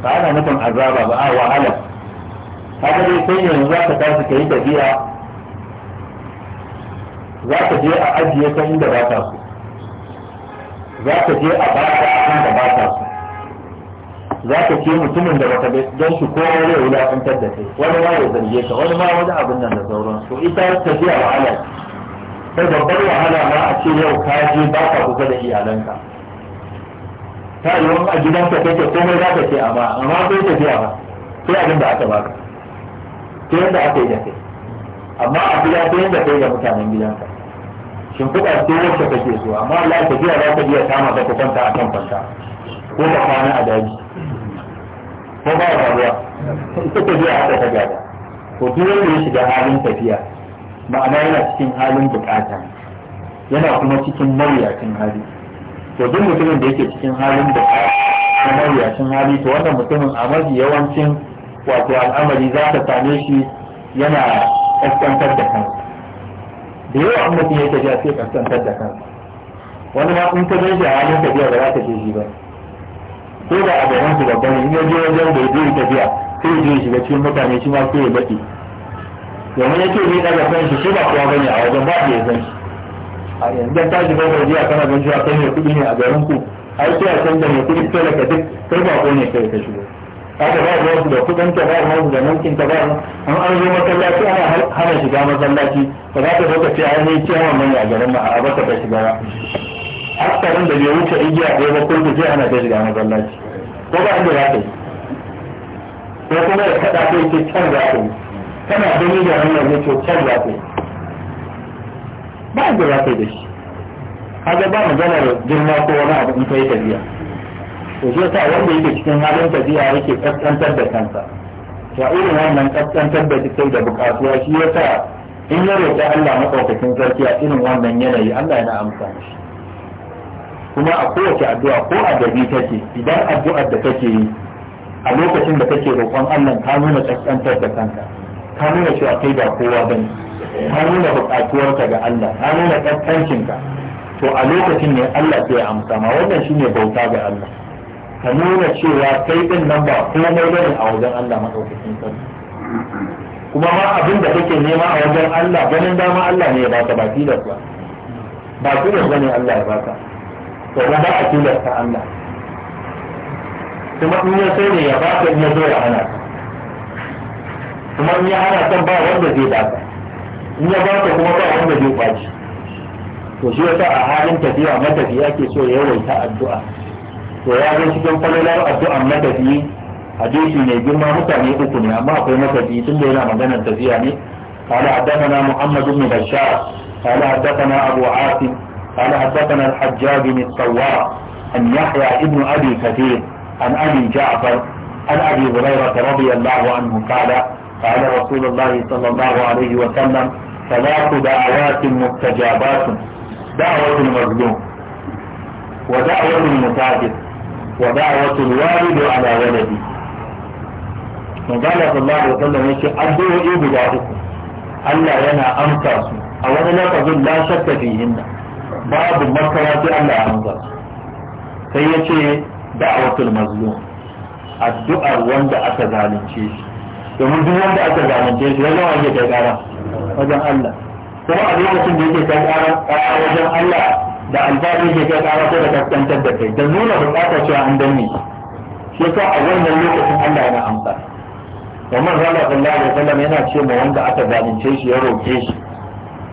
ba ana nufin azaba ba a wahala haka dai kai yanzu za ka tashi ka yi tafiya za ka je a ajiye kan inda ba ta so za ka je a ba ta akan da ba ta so za ka ce mutumin da baka don shi ko wani ya wulaƙantar da kai wani ma ya zarge ka wani ma wani abin nan da sauran so ita tafiya wahala sai babbar wahala ma a ce yau ka je ba ka kusa da iyalanka ta yi wani a gidanka kake komai za ka ce amma amma bai tafiya ba sai abin da aka baka ta yadda aka yi da kai amma a gida ta yadda kai da mutanen gidanka kuka ce wacce kake so amma Allah ta biya za ta biya kama ka kwanta a kan kwanta ko ka kwana a daji ko ba ka ruwa ita ta biya haka ta gada ko duk wanda ya shiga halin tafiya ma'ana yana cikin halin bukata yana kuma cikin mawuyacin hali to duk mutumin da yake cikin halin bukata na mawuyacin hali to wannan mutumin a mafi yawancin wato al'amari za ka same shi yana kaskantar da kansa da yawa an mutum ya tafiya sai kaskantar da kansa wani ma in ka gaishe a halin tafiya ba za ka je shi ba ko da a gaban su babban in ya je wajen da zai tafiya sai ya je shiga cikin mutane shi ma sai ya baki domin yake zai daga kan shi shi ba kowa ne a wajen ba ya san shi a yanzu ta shiga gajiya kana ganin cewa kai ne kuɗi ne a garin ku ai sai a canza mai kuɗi talaka duk kai ba ko ne kai ka shigo kaga ba ruwan su da kudin ta ba ruwan su da mulkin ta ba an an zo masallaci ana hana shiga masallaci ba za ta zo ka ce an yi ciyawan nan a garin ma a baka ta shiga ba aksarin da bai wuce igiya ɗaya ba ko sai ana ta shiga masallaci ko ba inda za ta yi ko kuma ya kaɗa ko yi can za ta yi tana gani da hanyar ne to can za ta yi ba inda za ta yi da shi Haka ba da girma ko wani abu in ta yi tafiya to shi yasa wanda yake cikin halin tafiya yake kaskantar da kansa ya irin wannan kaskantar da kai da bukatuwa shi yasa in ya roƙi Allah maɗaukakin sarki a irin wannan yanayi Allah yana amsa shi kuma a kowace addu'a ko a take idan addu'ar da kake yi a lokacin da kake roƙon Allah ka nuna kaskantar da kanka ka nuna cewa kai ba kowa bane ka nuna buƙatuwarka ga Allah ka nuna kaskancinka to a lokacin ne Allah sai ya amsa ma wannan shine bauta ga Allah ka nuna cewa kai din nan ba komai bane a wajen Allah madaukakin sarki kuma ma abin da kake nema a wajen Allah ganin dama Allah ne ya baka ba da ba ba da bane Allah ya baka to ba ba a da ta Allah kuma in ya sai ne ya baka in ya zo ya hana ka kuma in ya hana kan ba wanda zai baka in ya baka kuma ba wanda zai baki to shi yasa a halin tafiya matafiya ke so ya yawaita addu'a to ya zo cikin falalar addu'an matafi hadisi ne girma mutane uku ne amma akwai matafi tun da yana maganar tafiya ne قال حدثنا محمد بن بشار قال حدثنا أبو عاصم قال حدثنا الحجاج بن الصوار عن يحيى ابن أبي كثير عن أبي جعفر عن أبي هريرة رضي الله عنه قال قال رسول الله صلى الله عليه وسلم ثلاث دعوات مستجابات دعوة المظلوم ودعوة المتاجر ودعوة الوالد على ولده وقال صلى الله عليه وسلم يشي أدوه إيه بجاهكم ألا ينا أمكاس أولا لا تظن لا شك فيهن بعض المكرات ألا أمكاس فيشي دعوة المظلوم الدعاء وند أتزالي شيش ومن دون وند أتزالي شيش يجب أن يتكارا وجن الله ثم أدوه سنجي تكارا وجن الله da albaɗi ke kai ƙara ko da kaskantar da kai da nuna buƙatar cewa an danne shi sa a wannan lokacin Allah yana amsa wa man zalla sallallahu alaihi wasallam yana ce ma wanda aka zalunce shi ya roke shi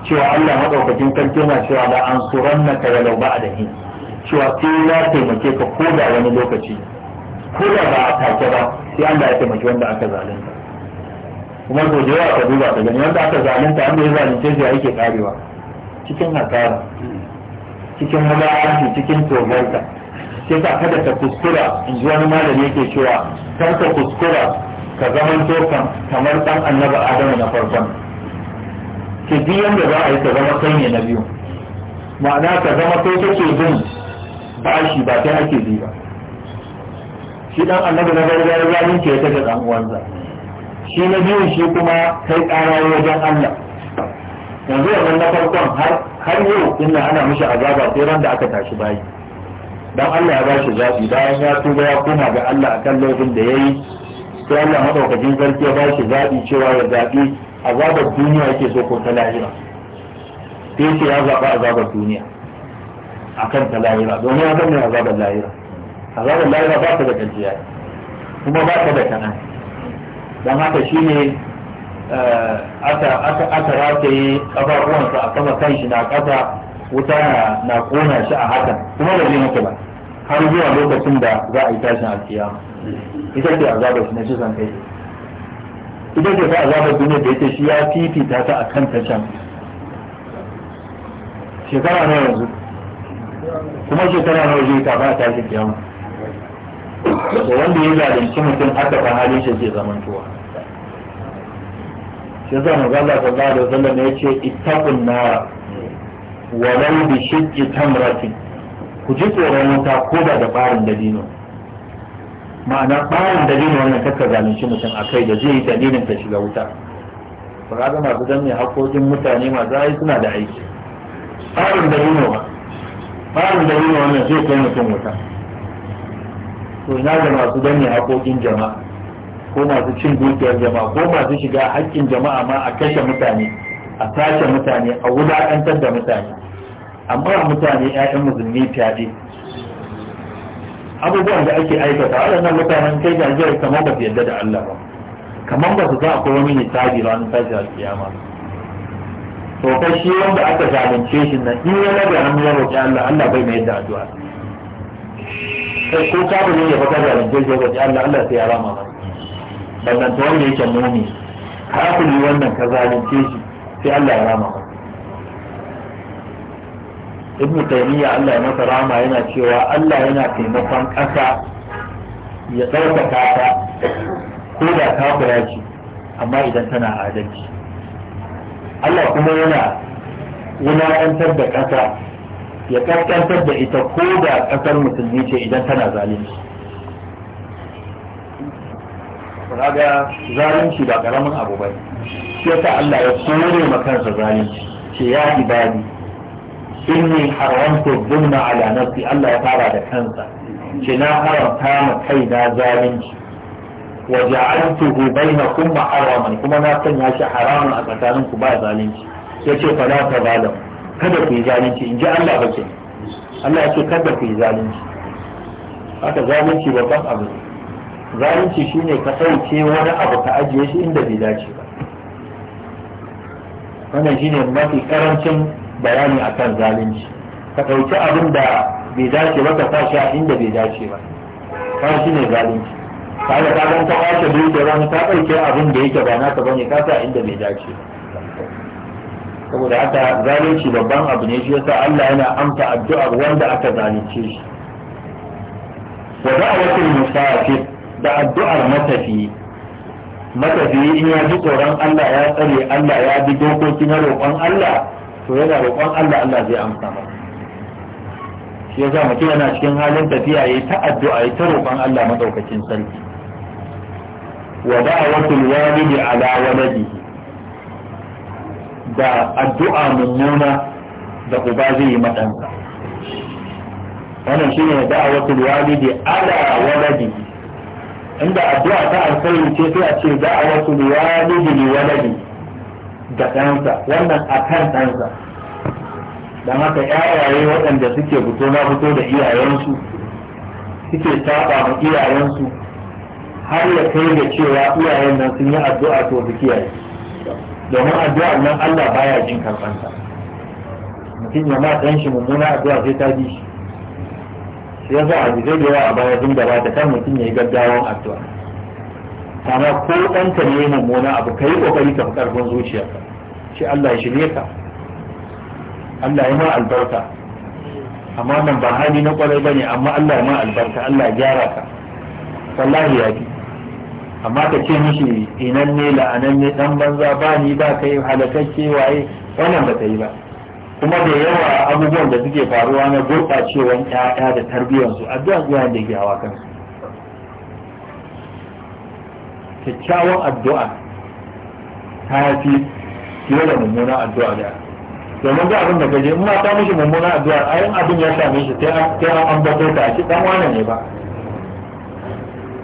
cewa Allah madaukakin sarki yana cewa la an surannaka walau ba'dahi cewa sai ya taimake ka ko da wani lokaci ko da ba a take ba sai Allah ya taimaki wanda aka zalunta kuma gobe da yawa ka duba ka gani wanda aka zalunta an ya zalunce shi yake karewa cikin hasara cikin mazaƙanci cikin tobarta sai ka kada ka kuskura in ji wani malami yake cewa kar ka kuskura ka zaman tokan kamar ɗan annaba adamu na farkon ki ji da za a yi ka zama kai ne na biyu ma'ana ka zama kai kake bin bashi ba kai ake bi ba shi dan annaba na gargajiya zalunci ta kashe dan uwansa shi na biyun shi kuma kai ƙara wajen Allah yanzu wannan na farkon har har yau inna ana mishi azaba sai ran da aka tashi bayi dan Allah ya bashi zabi bayan ya tuba ya koma ga Allah akan laifin da yayi sai Allah madaukakin sarki ya bashi zabi cewa ya zabi azabar duniya yake so ko ta lahira sai ce ya zaba azabar duniya akan ta lahira domin ya zama azabar lahira azabar lahira ba ta da kanciya kuma ba ta da kana dan haka shine Eh, aka rataye ƙafafuwansa a sama kan shi na ƙasa wuta na ƙona shi a hakan kuma ba zai mutu ba har zuwa lokacin da za a yi tashin alkiyama ita ce azabar shi na shi kai ita ce ta a azabar duniya da yake shi ya fifita ta a kan tashan shekara na yanzu kuma shekara na waje kafin a tashin kiyama da wanda ya zalunci mutum aka fa halin shi zai zamantowa ya sa zalla sallallahu alaihi wasallam ya ce ittaqun nara lam bi shijji tamrati ku ji tsoron wuta ko da da barin dalino ma'ana barin dalino wannan kakka zalunci mutum a kai da zai yi dalilin ta shiga wuta ba ga masu danne hakokin mutane ma ai suna da aiki barin dalino ba barin dalino wannan zai kai mutum wuta to ina da masu danne hakokin jama'a ko masu cin dukiyar jama'a ko masu shiga haƙƙin jama'a ma a kashe mutane a tace mutane a wulaƙantar da mutane amma mutane 'ya'yan musulmi fyaɗe abubuwan da ake aikata waɗannan mutanen kai gajiyar kamar ba su yarda da Allah ba kamar ba su za a kowa mini hisabi ranar tashi alkiyama to fa shi wanda aka zalunce shi na in ya raga an ya roƙi Allah Allah bai mai yadda addu'a sai ko ka bane ya baka zalunce shi ya roƙi Allah Allah sai ya rama masa ballanta wanda yake muni kafin yi wannan ka zalunce shi sai Allah ya rama ibn taymiya Allah ya masa rama yana cewa Allah yana taimakon ƙasa ya ɗaukaka ta ko da kafira ce amma idan tana adalci Allah kuma yana wulaƙantar da ƙasa ya ƙasƙantar da ita ko da ƙasar musulmi ce idan tana zalunci kaga zalunci ba karamin abu ba shi yasa Allah ya kore ma kansa zalunci ce ya ibadi inni haramtu dhulma ala nafsi Allah ya fara da kansa ce na haramta ma kai na zalunci wa ja'altuhu bainakum haraman kuma na sanya shi haramun a tsakaninku ba zalunci yace fala ta zalim kada ku yi zalunci in ji Allah ba ke Allah ya ce kada ku yi zalunci haka zalunci babban abu ne zalunci shine ka sauke wani abu ka ajiye shi inda bai dace ba wannan shine mafi karancin bayani akan zalunci ka sauke abin da bai dace ba ka sashi a inda bai dace ba kawai shine zalunci kaga ka ga ka kwace dukiyar wani ka ɗauke abin da yake ba naka bane ka sa inda bai dace ba. saboda haka zalunci babban abu ne shi yasa Allah yana amsa addu'ar wanda aka zalunce shi wa da'awatul musafir da addu'ar matafi matafi in ya ji tsoron Allah ya tsare Allah ya bi dokoki na roƙon Allah to yana roƙon Allah Allah zai amsa masa shi yasa mutum yana cikin halin tafiya yayi ta addu'a yayi ta roƙon Allah madaukakin sarki wa da'awatul walidi ala waladihi da addu'a mummuna da uba zai yi maɗansa wannan shi ne da'awatul walidi ala waladihi inda addu'a ta alkhairi ce sai a ce za a wasu liwalidi liwaladi ga ɗansa wannan a kan ɗansa don haka yayaye waɗanda suke fito na fito da iyayensu suke saba ma iyayensu har ya kai da cewa iyayen nan sun yi addu'a to su kiyaye domin addu'a nan Allah baya jin karɓanta mutum ya ma ɗan shi mummuna addu'a sai ta bi shi shi yasa a guje da a baya sun da kan mutum ya yi gaggawan addu'a amma ko ɗanka ne mummuna abu ka yi ƙoƙari ka fi ƙarfin zuciyarka shi Allah ya shirye ka Allah ya ma albarka amma nan ba hali na kwarai ba ne amma Allah ya ma albarka Allah ya gyara ka wallahi ya fi amma ka ce mishi inan ne la'anan ne dan banza ba ni ba kai halakacce waye wannan ba ta yi ba kuma da yawa abubuwan da suke faruwa na gurɓacewan ƴaƴa da tarbiyyarsu addu'a iyayen da yake hawa kansu kyakkyawan addu'a ta fi fiye da mummunan addu'a da domin ga abin da gaje in ma ta mishi mummunan addu'a ayin abin ya same shi sai an bako ta shi dan wane ne ba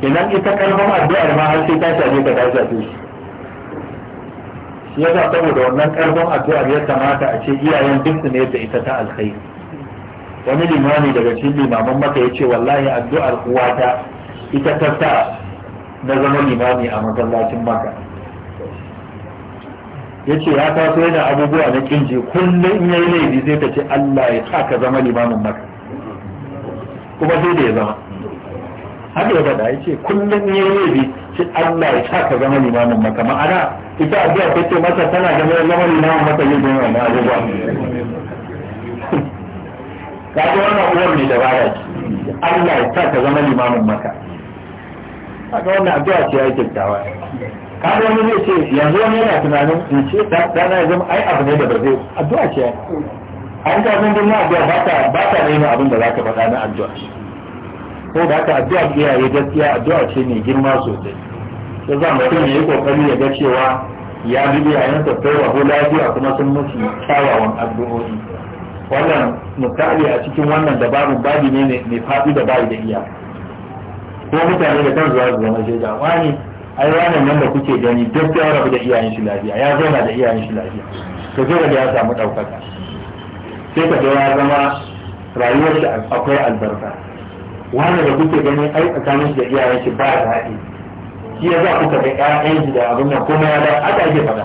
idan ita kalmar addu'ar ma har sai ta shafe ka ta shafe shi yasa saboda wannan karfin addu'ar ya kamata a ce iyayen duk su ne da ita ta alkhairi wani limami daga cikin limaman maka ya ce wallahi addu'ar uwata ita ta sa na zama limami a masallacin maka ya ce ya taso yana abubuwa na kinji kullum in yayi laifi zai ta ce Allah ya sa ka zama limamin maka kuma sai da ya zama har ya faɗa ya ce kullum in yayi laifi ci Allah ya saka ka zama limamin maka ma'ana ita addu'a ya ce masa tana da zama limamin maka yin zama wannan abubuwa ka ga wannan uwar ne da baya Allah ya saka ka zama limamin maka ga wannan addu'a ce ya ka ga wani zai ce yanzu wani yana tunanin in ce dana ya zama ai abu ne da ba zai addu'a ce an ga san duniya addu'a ba ta ba ta raina abin da za ka faɗa na addu'a ko da haka addu'a iyaye gaskiya addu'a ce mai girma sosai sai za mutum ya yi kokari ya ga cewa ya bi iyayensa ko lafiya kuma sun mutu kyawawan addu'o'i wannan misali a cikin wannan dabarun babi ne mai faɗi da bayi da iya ko mutane da kan zuwa su zama shaida wani ai wannan nan da kuke gani duk ya rabu da iyayen shi lafiya ya zauna da iyayen shi lafiya to zai da ya samu ɗaukaka sai ka ga ya zama rayuwar shi akwai albarka wani da kuke ganin ai tsakanin shi da iyayen shi ba daɗi shi ya za kuka ga ƴaƴan shi da abin nan kuma ya ba aka ake faɗa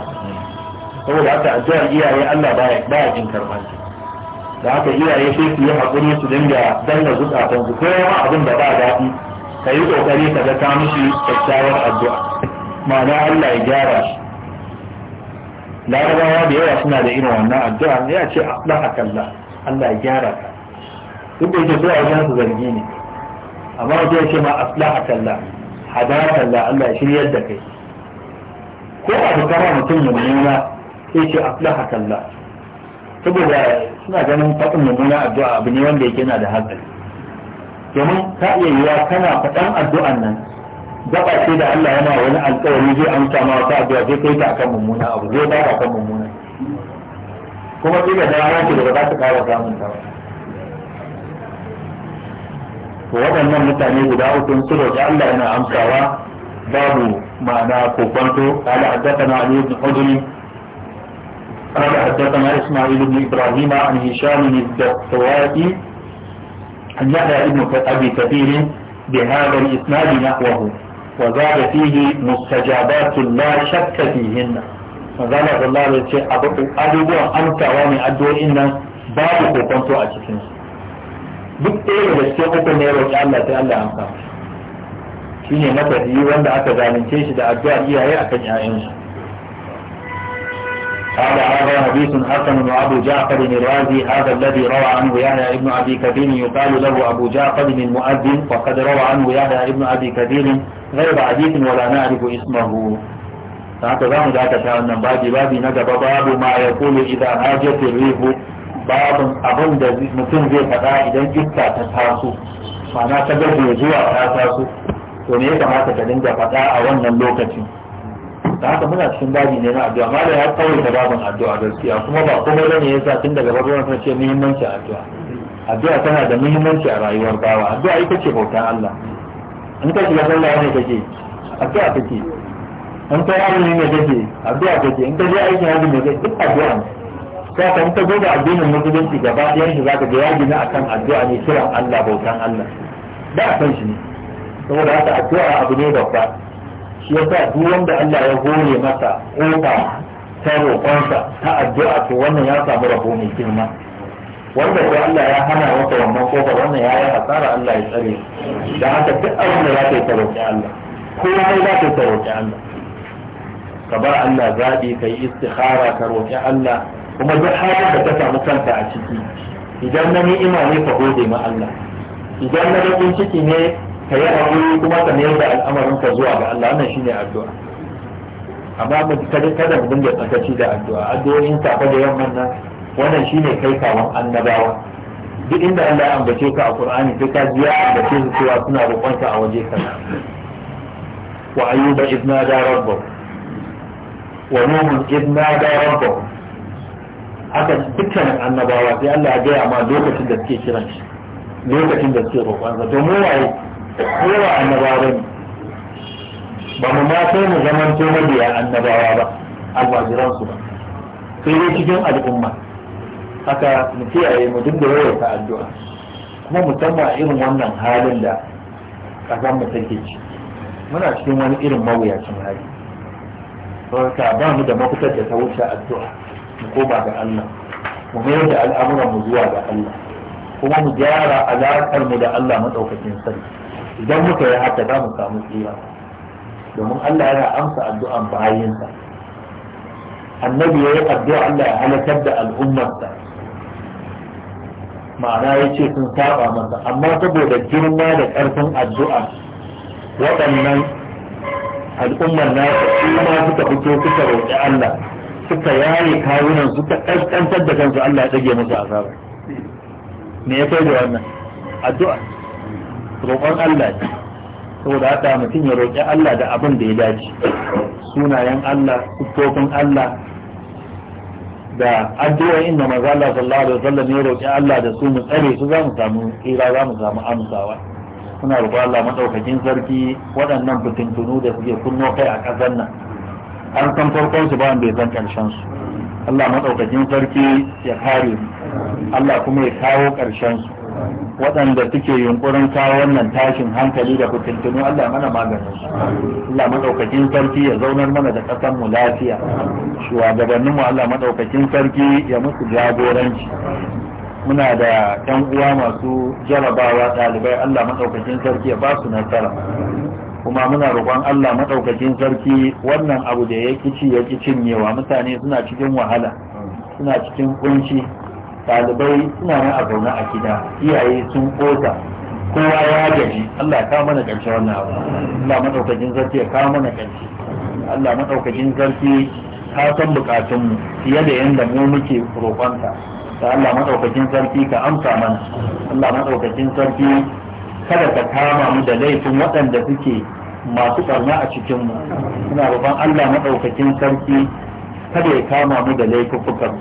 saboda haka addu'ar iyaye Allah baya baya jin karɓar shi da haka iyaye sai su yi haƙuri su dinga danna zukatan su ko ma abin da ba daɗi ka yi ƙoƙari ka ga ka mishi kyakkyawar addu'a ma'ana Allah ya gyara shi larabawa da yawa suna da irin wannan addu'a ya ce a kalla Allah ya gyara ka duk da yake zuwa wajen su zargi ne amma wajen ya ce ma aslaha kalla hadara Allah ya shiryar da kai ko a duka ma mutum mummuna sai ce aslaha talla. saboda suna ganin faɗin mummuna addu'a abu ne wanda yake yana da hatsari domin ta iya yiwa kana faɗan addu'an nan gaba ce da Allah yana wani alƙawari zai amsa ma wata addu'a zai kai ta akan mummuna abu zai ba akan mummuna kuma kila da rana ce da ba za ta kara samun ta ba to waɗannan mutane guda uku su roƙi Allah yana amsawa babu ma'ana ko kwanto ala haddathana ali ibn hudri ala haddathana isma'il ibn ibrahim an hisham ibn dawati an yahya ibn abi kabir bi hadha al-isnad nahwahu wa zada fihi mustajabat la shakka fihinna فقال الله عليه وسلم أبو duk ɗaya cikin ne roƙi Allah Allah amsa shi ne wanda aka zalunce shi da addu'ar iyaye akan ƴaƴan shi قال هذا حديث حسن وابو جعفر الرازي هذا الذي روى عنه يحيى ابن ابي كثير يقال له ابو جعفر المؤذن وقد روى عنه يحيى ابن ابي كثير غير حديث ولا نعرف اسمه فهذا ذاك بابي نجب باب ما يقول اذا هاجت الريح babin abin da mutum zai faɗa idan iska ta taso ma'ana ta gaje zuwa ta taso to ne ya kamata ka dinga faɗa a wannan lokacin da haka muna cikin daji ne na addu'a malam ya kawai da babin addu'a gaskiya kuma ba kuma ne ya sa tun daga babban sun ce muhimmanci addu'a addu'a tana da muhimmanci a rayuwar bawa addu'a ita ce bautan Allah in ka shiga sallah ne kake addu'a kake in ka yi ne kake addu'a kake in ka je aikin hajji ne kake duk addu'a ne sai ka ta goga addinin musulunci gaba ɗayan shi zaka ga ya gina akan addu'a ne kiran Allah bautan Allah da akan shi ne saboda haka addu'a abu ne babba shi yasa duk wanda Allah ya hore masa kofa ta roƙonsa ta addu'a to wannan ya samu rabo mai girma wanda ko Allah ya hana masa wannan kofar wannan ya yi hasara Allah ya tsare da haka duk abin da za ka yi ta roƙi Allah komai za ka yi ta roƙi Allah ka bar Allah zaɓi ka yi istikhara ka roƙi Allah kuma duk halin da ta samu kanka a ciki idan na ni'ima ne ka gode ma Allah idan na bakin ciki ne ka yi haƙuri kuma ka mayar da al'amarin ka zuwa ga Allah wannan shine addu'a amma mu kada kada mu dinga tsakaci da addu'a addu'o'in safa da yamman nan wannan shine kai kawon annabawa duk inda Allah ya ambace ka a Qur'ani sai ka ji ya ambace su cewa suna roƙon ka a waje kaza wa ayyuba idna da rabbahu wa nuhun idna da rabbahu haka dukkan annabawa sai Allah ya gaya ma lokacin da suke kiran shi lokacin da suke roƙonsa to mu waye kowa annabawa ne ba mu ma sai mu zaman to mabiya annabawa ba almajiran su ba sai dai cikin al'umma haka mu kiyaye mu dinga yawaita addu'a kuma musamman irin wannan halin da kasan mu take ci muna cikin wani irin mawuyacin hali saboda ba mu da mafitar da ta wuce addu'a mu koma ga Allah mu mayar da al'amuran mu zuwa ga Allah kuma mu gyara alaƙar mu da Allah madaukakin sarki idan muka yi haka za mu samu tsira domin Allah yana amsa addu'an bayinsa annabi ya yi addu'a Allah ya halakar da al'ummarsa ma'ana ya ce sun saba masa amma saboda girma da ƙarfin addu'a waɗannan al'ummar nasa su ma suka fito suka roƙi Allah suka yaye kawunan suka ƙasƙantar da kansu Allah ya tsage musu asara me ya kai da wannan addu'a roƙon Allah ne saboda haka mutum ya roƙi Allah da abin da ya dace sunayen Allah siffofin Allah da addu'o'in da maza Allah sallallahu alaihi wasallam ya roƙi Allah da su mu tsare su za mu samu kira za mu samu amsawa muna roƙon Allah madaukakin sarki waɗannan fitintunu da suke kunno kai a ƙasar nan an san farkon su ba wanda bai san karshen su Allah madaukakin sarki ya kare mu Allah kuma ya kawo karshen su waɗanda suke yunkurin kawo wannan tashin hankali da fitintunu Allah mana maganin su Allah madaukakin sarki ya zaunar mana da ƙasar mu lafiya shugabannin mu Allah madaukakin sarki ya musu jagoranci muna da 'yan uwa masu jarabawa ɗalibai Allah madaukakin sarki ya ba su nasara kuma muna roƙon Allah madaukakin sarki wannan abu da ya kici ya ki cinyewa mutane suna cikin wahala suna cikin kunci ɗalibai suna nan a zaune a gida iyaye sun ƙosa kowa ya gaji Allah ya kawo mana ƙarshe wannan abu Allah madaukakin sarki ya kawo mana ƙarshe Allah madaukakin sarki ka san buƙatunmu fiye da yadda mu muke roƙonka da Allah madaukakin sarki ka amsa mana Allah madaukakin sarki kada ka kama mu da laifin waɗanda suke masu ƙarna a cikin mu muna roƙon Allah maɗaukakin sarki kada ya kama mu da laifukan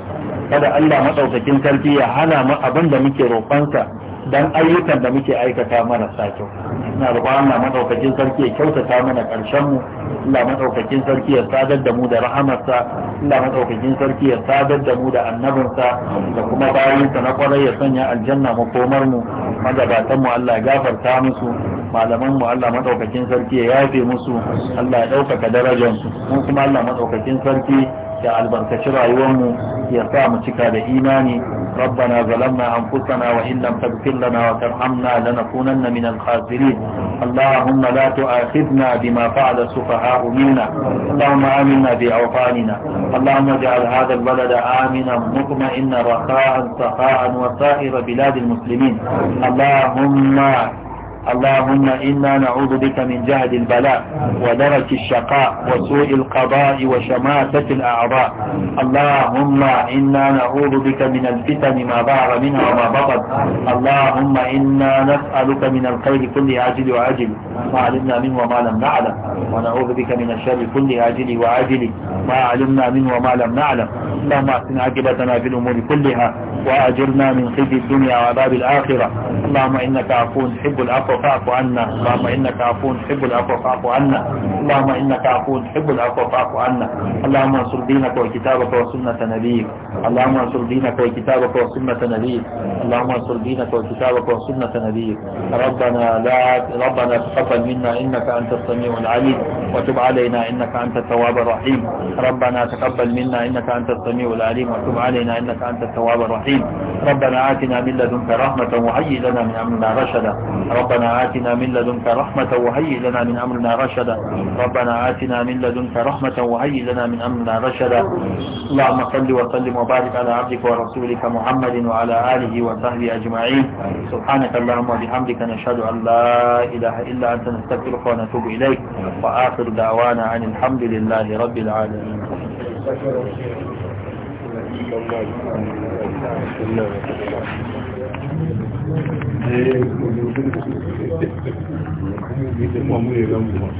kada Allah maɗaukakin sarki ya hana mu abin da muke roƙonsa dan ayyukan da muke aikata marasa kyau ina roƙon Allah madaukakin sarki ya kyautata mana ƙarshenmu, mu Allah madaukakin sarki ya sadar da mu da rahamarsa Allah madaukakin sarki ya sadar da mu da annabinsa da kuma bayinsa na kwarai ya sanya aljanna makomar mu magabatan mu Allah ya gafarta musu malaman mu Allah madaukakin sarki ya yafe musu Allah ya ɗaukaka darajarsu mun kuma Allah madaukakin sarki يا albarkaci rayuwarmu ya sa mu cika ربنا ظلمنا أنفسنا وإن لم تغفر لنا وترحمنا لنكونن من الخاسرين اللهم لا تؤاخذنا بما فعل السفهاء منا اللهم آمنا بأوطاننا اللهم اجعل هذا البلد آمنا مطمئنا رخاء سخاء وسائر بلاد المسلمين اللهم اللهم إنا نعوذ بك من جهد البلاء ودرك الشقاء وسوء القضاء وشماتة الأعضاء اللهم إنا نعوذ بك من الفتن ما ظهر منها وما بطن اللهم إنا نسألك من الخير كله عاجل وعاجل ما علمنا منه وما لم نعلم ونعوذ بك من الشر كله عاجل وعاجل ما علمنا منه وما لم نعلم اللهم احسن عاقبتنا في الامور كلها واجرنا من خزي الدنيا وعذاب الاخره اللهم انك عفو تحب العفو فاعف عنا اللهم انك عفو تحب العفو فاعف عنا اللهم انك عفو تحب العفو فاعف عنا اللهم انصر دينك وكتابك وسنه نبيك اللهم انصر دينك وكتابك وسنه نبيك اللهم انصر دينك وكتابك وسنه نبيك ربنا لا ربنا تقبل منا انك انت السميع العليم وتب علينا انك انت التواب الرحيم ربنا تقبل منا انك انت السميع السميع العليم وتب علينا إنك أنت التواب الرحيم ربنا آتنا من لدنك رحمة وهيئ لنا من أمرنا رشدا ربنا آتنا من لدنك رحمة وهيئ لنا من أمرنا رشدا ربنا آتنا من لدنك رحمة وهيئ لنا من أمرنا رشدا اللهم صل وسلم وبارك على عبدك ورسولك محمد وعلى آله وصحبه أجمعين سبحانك اللهم وبحمدك نشهد أن لا إله إلا أنت نستغفرك ونتوب إليك وآخر دعوانا عن الحمد لله رب العالمين Thank you.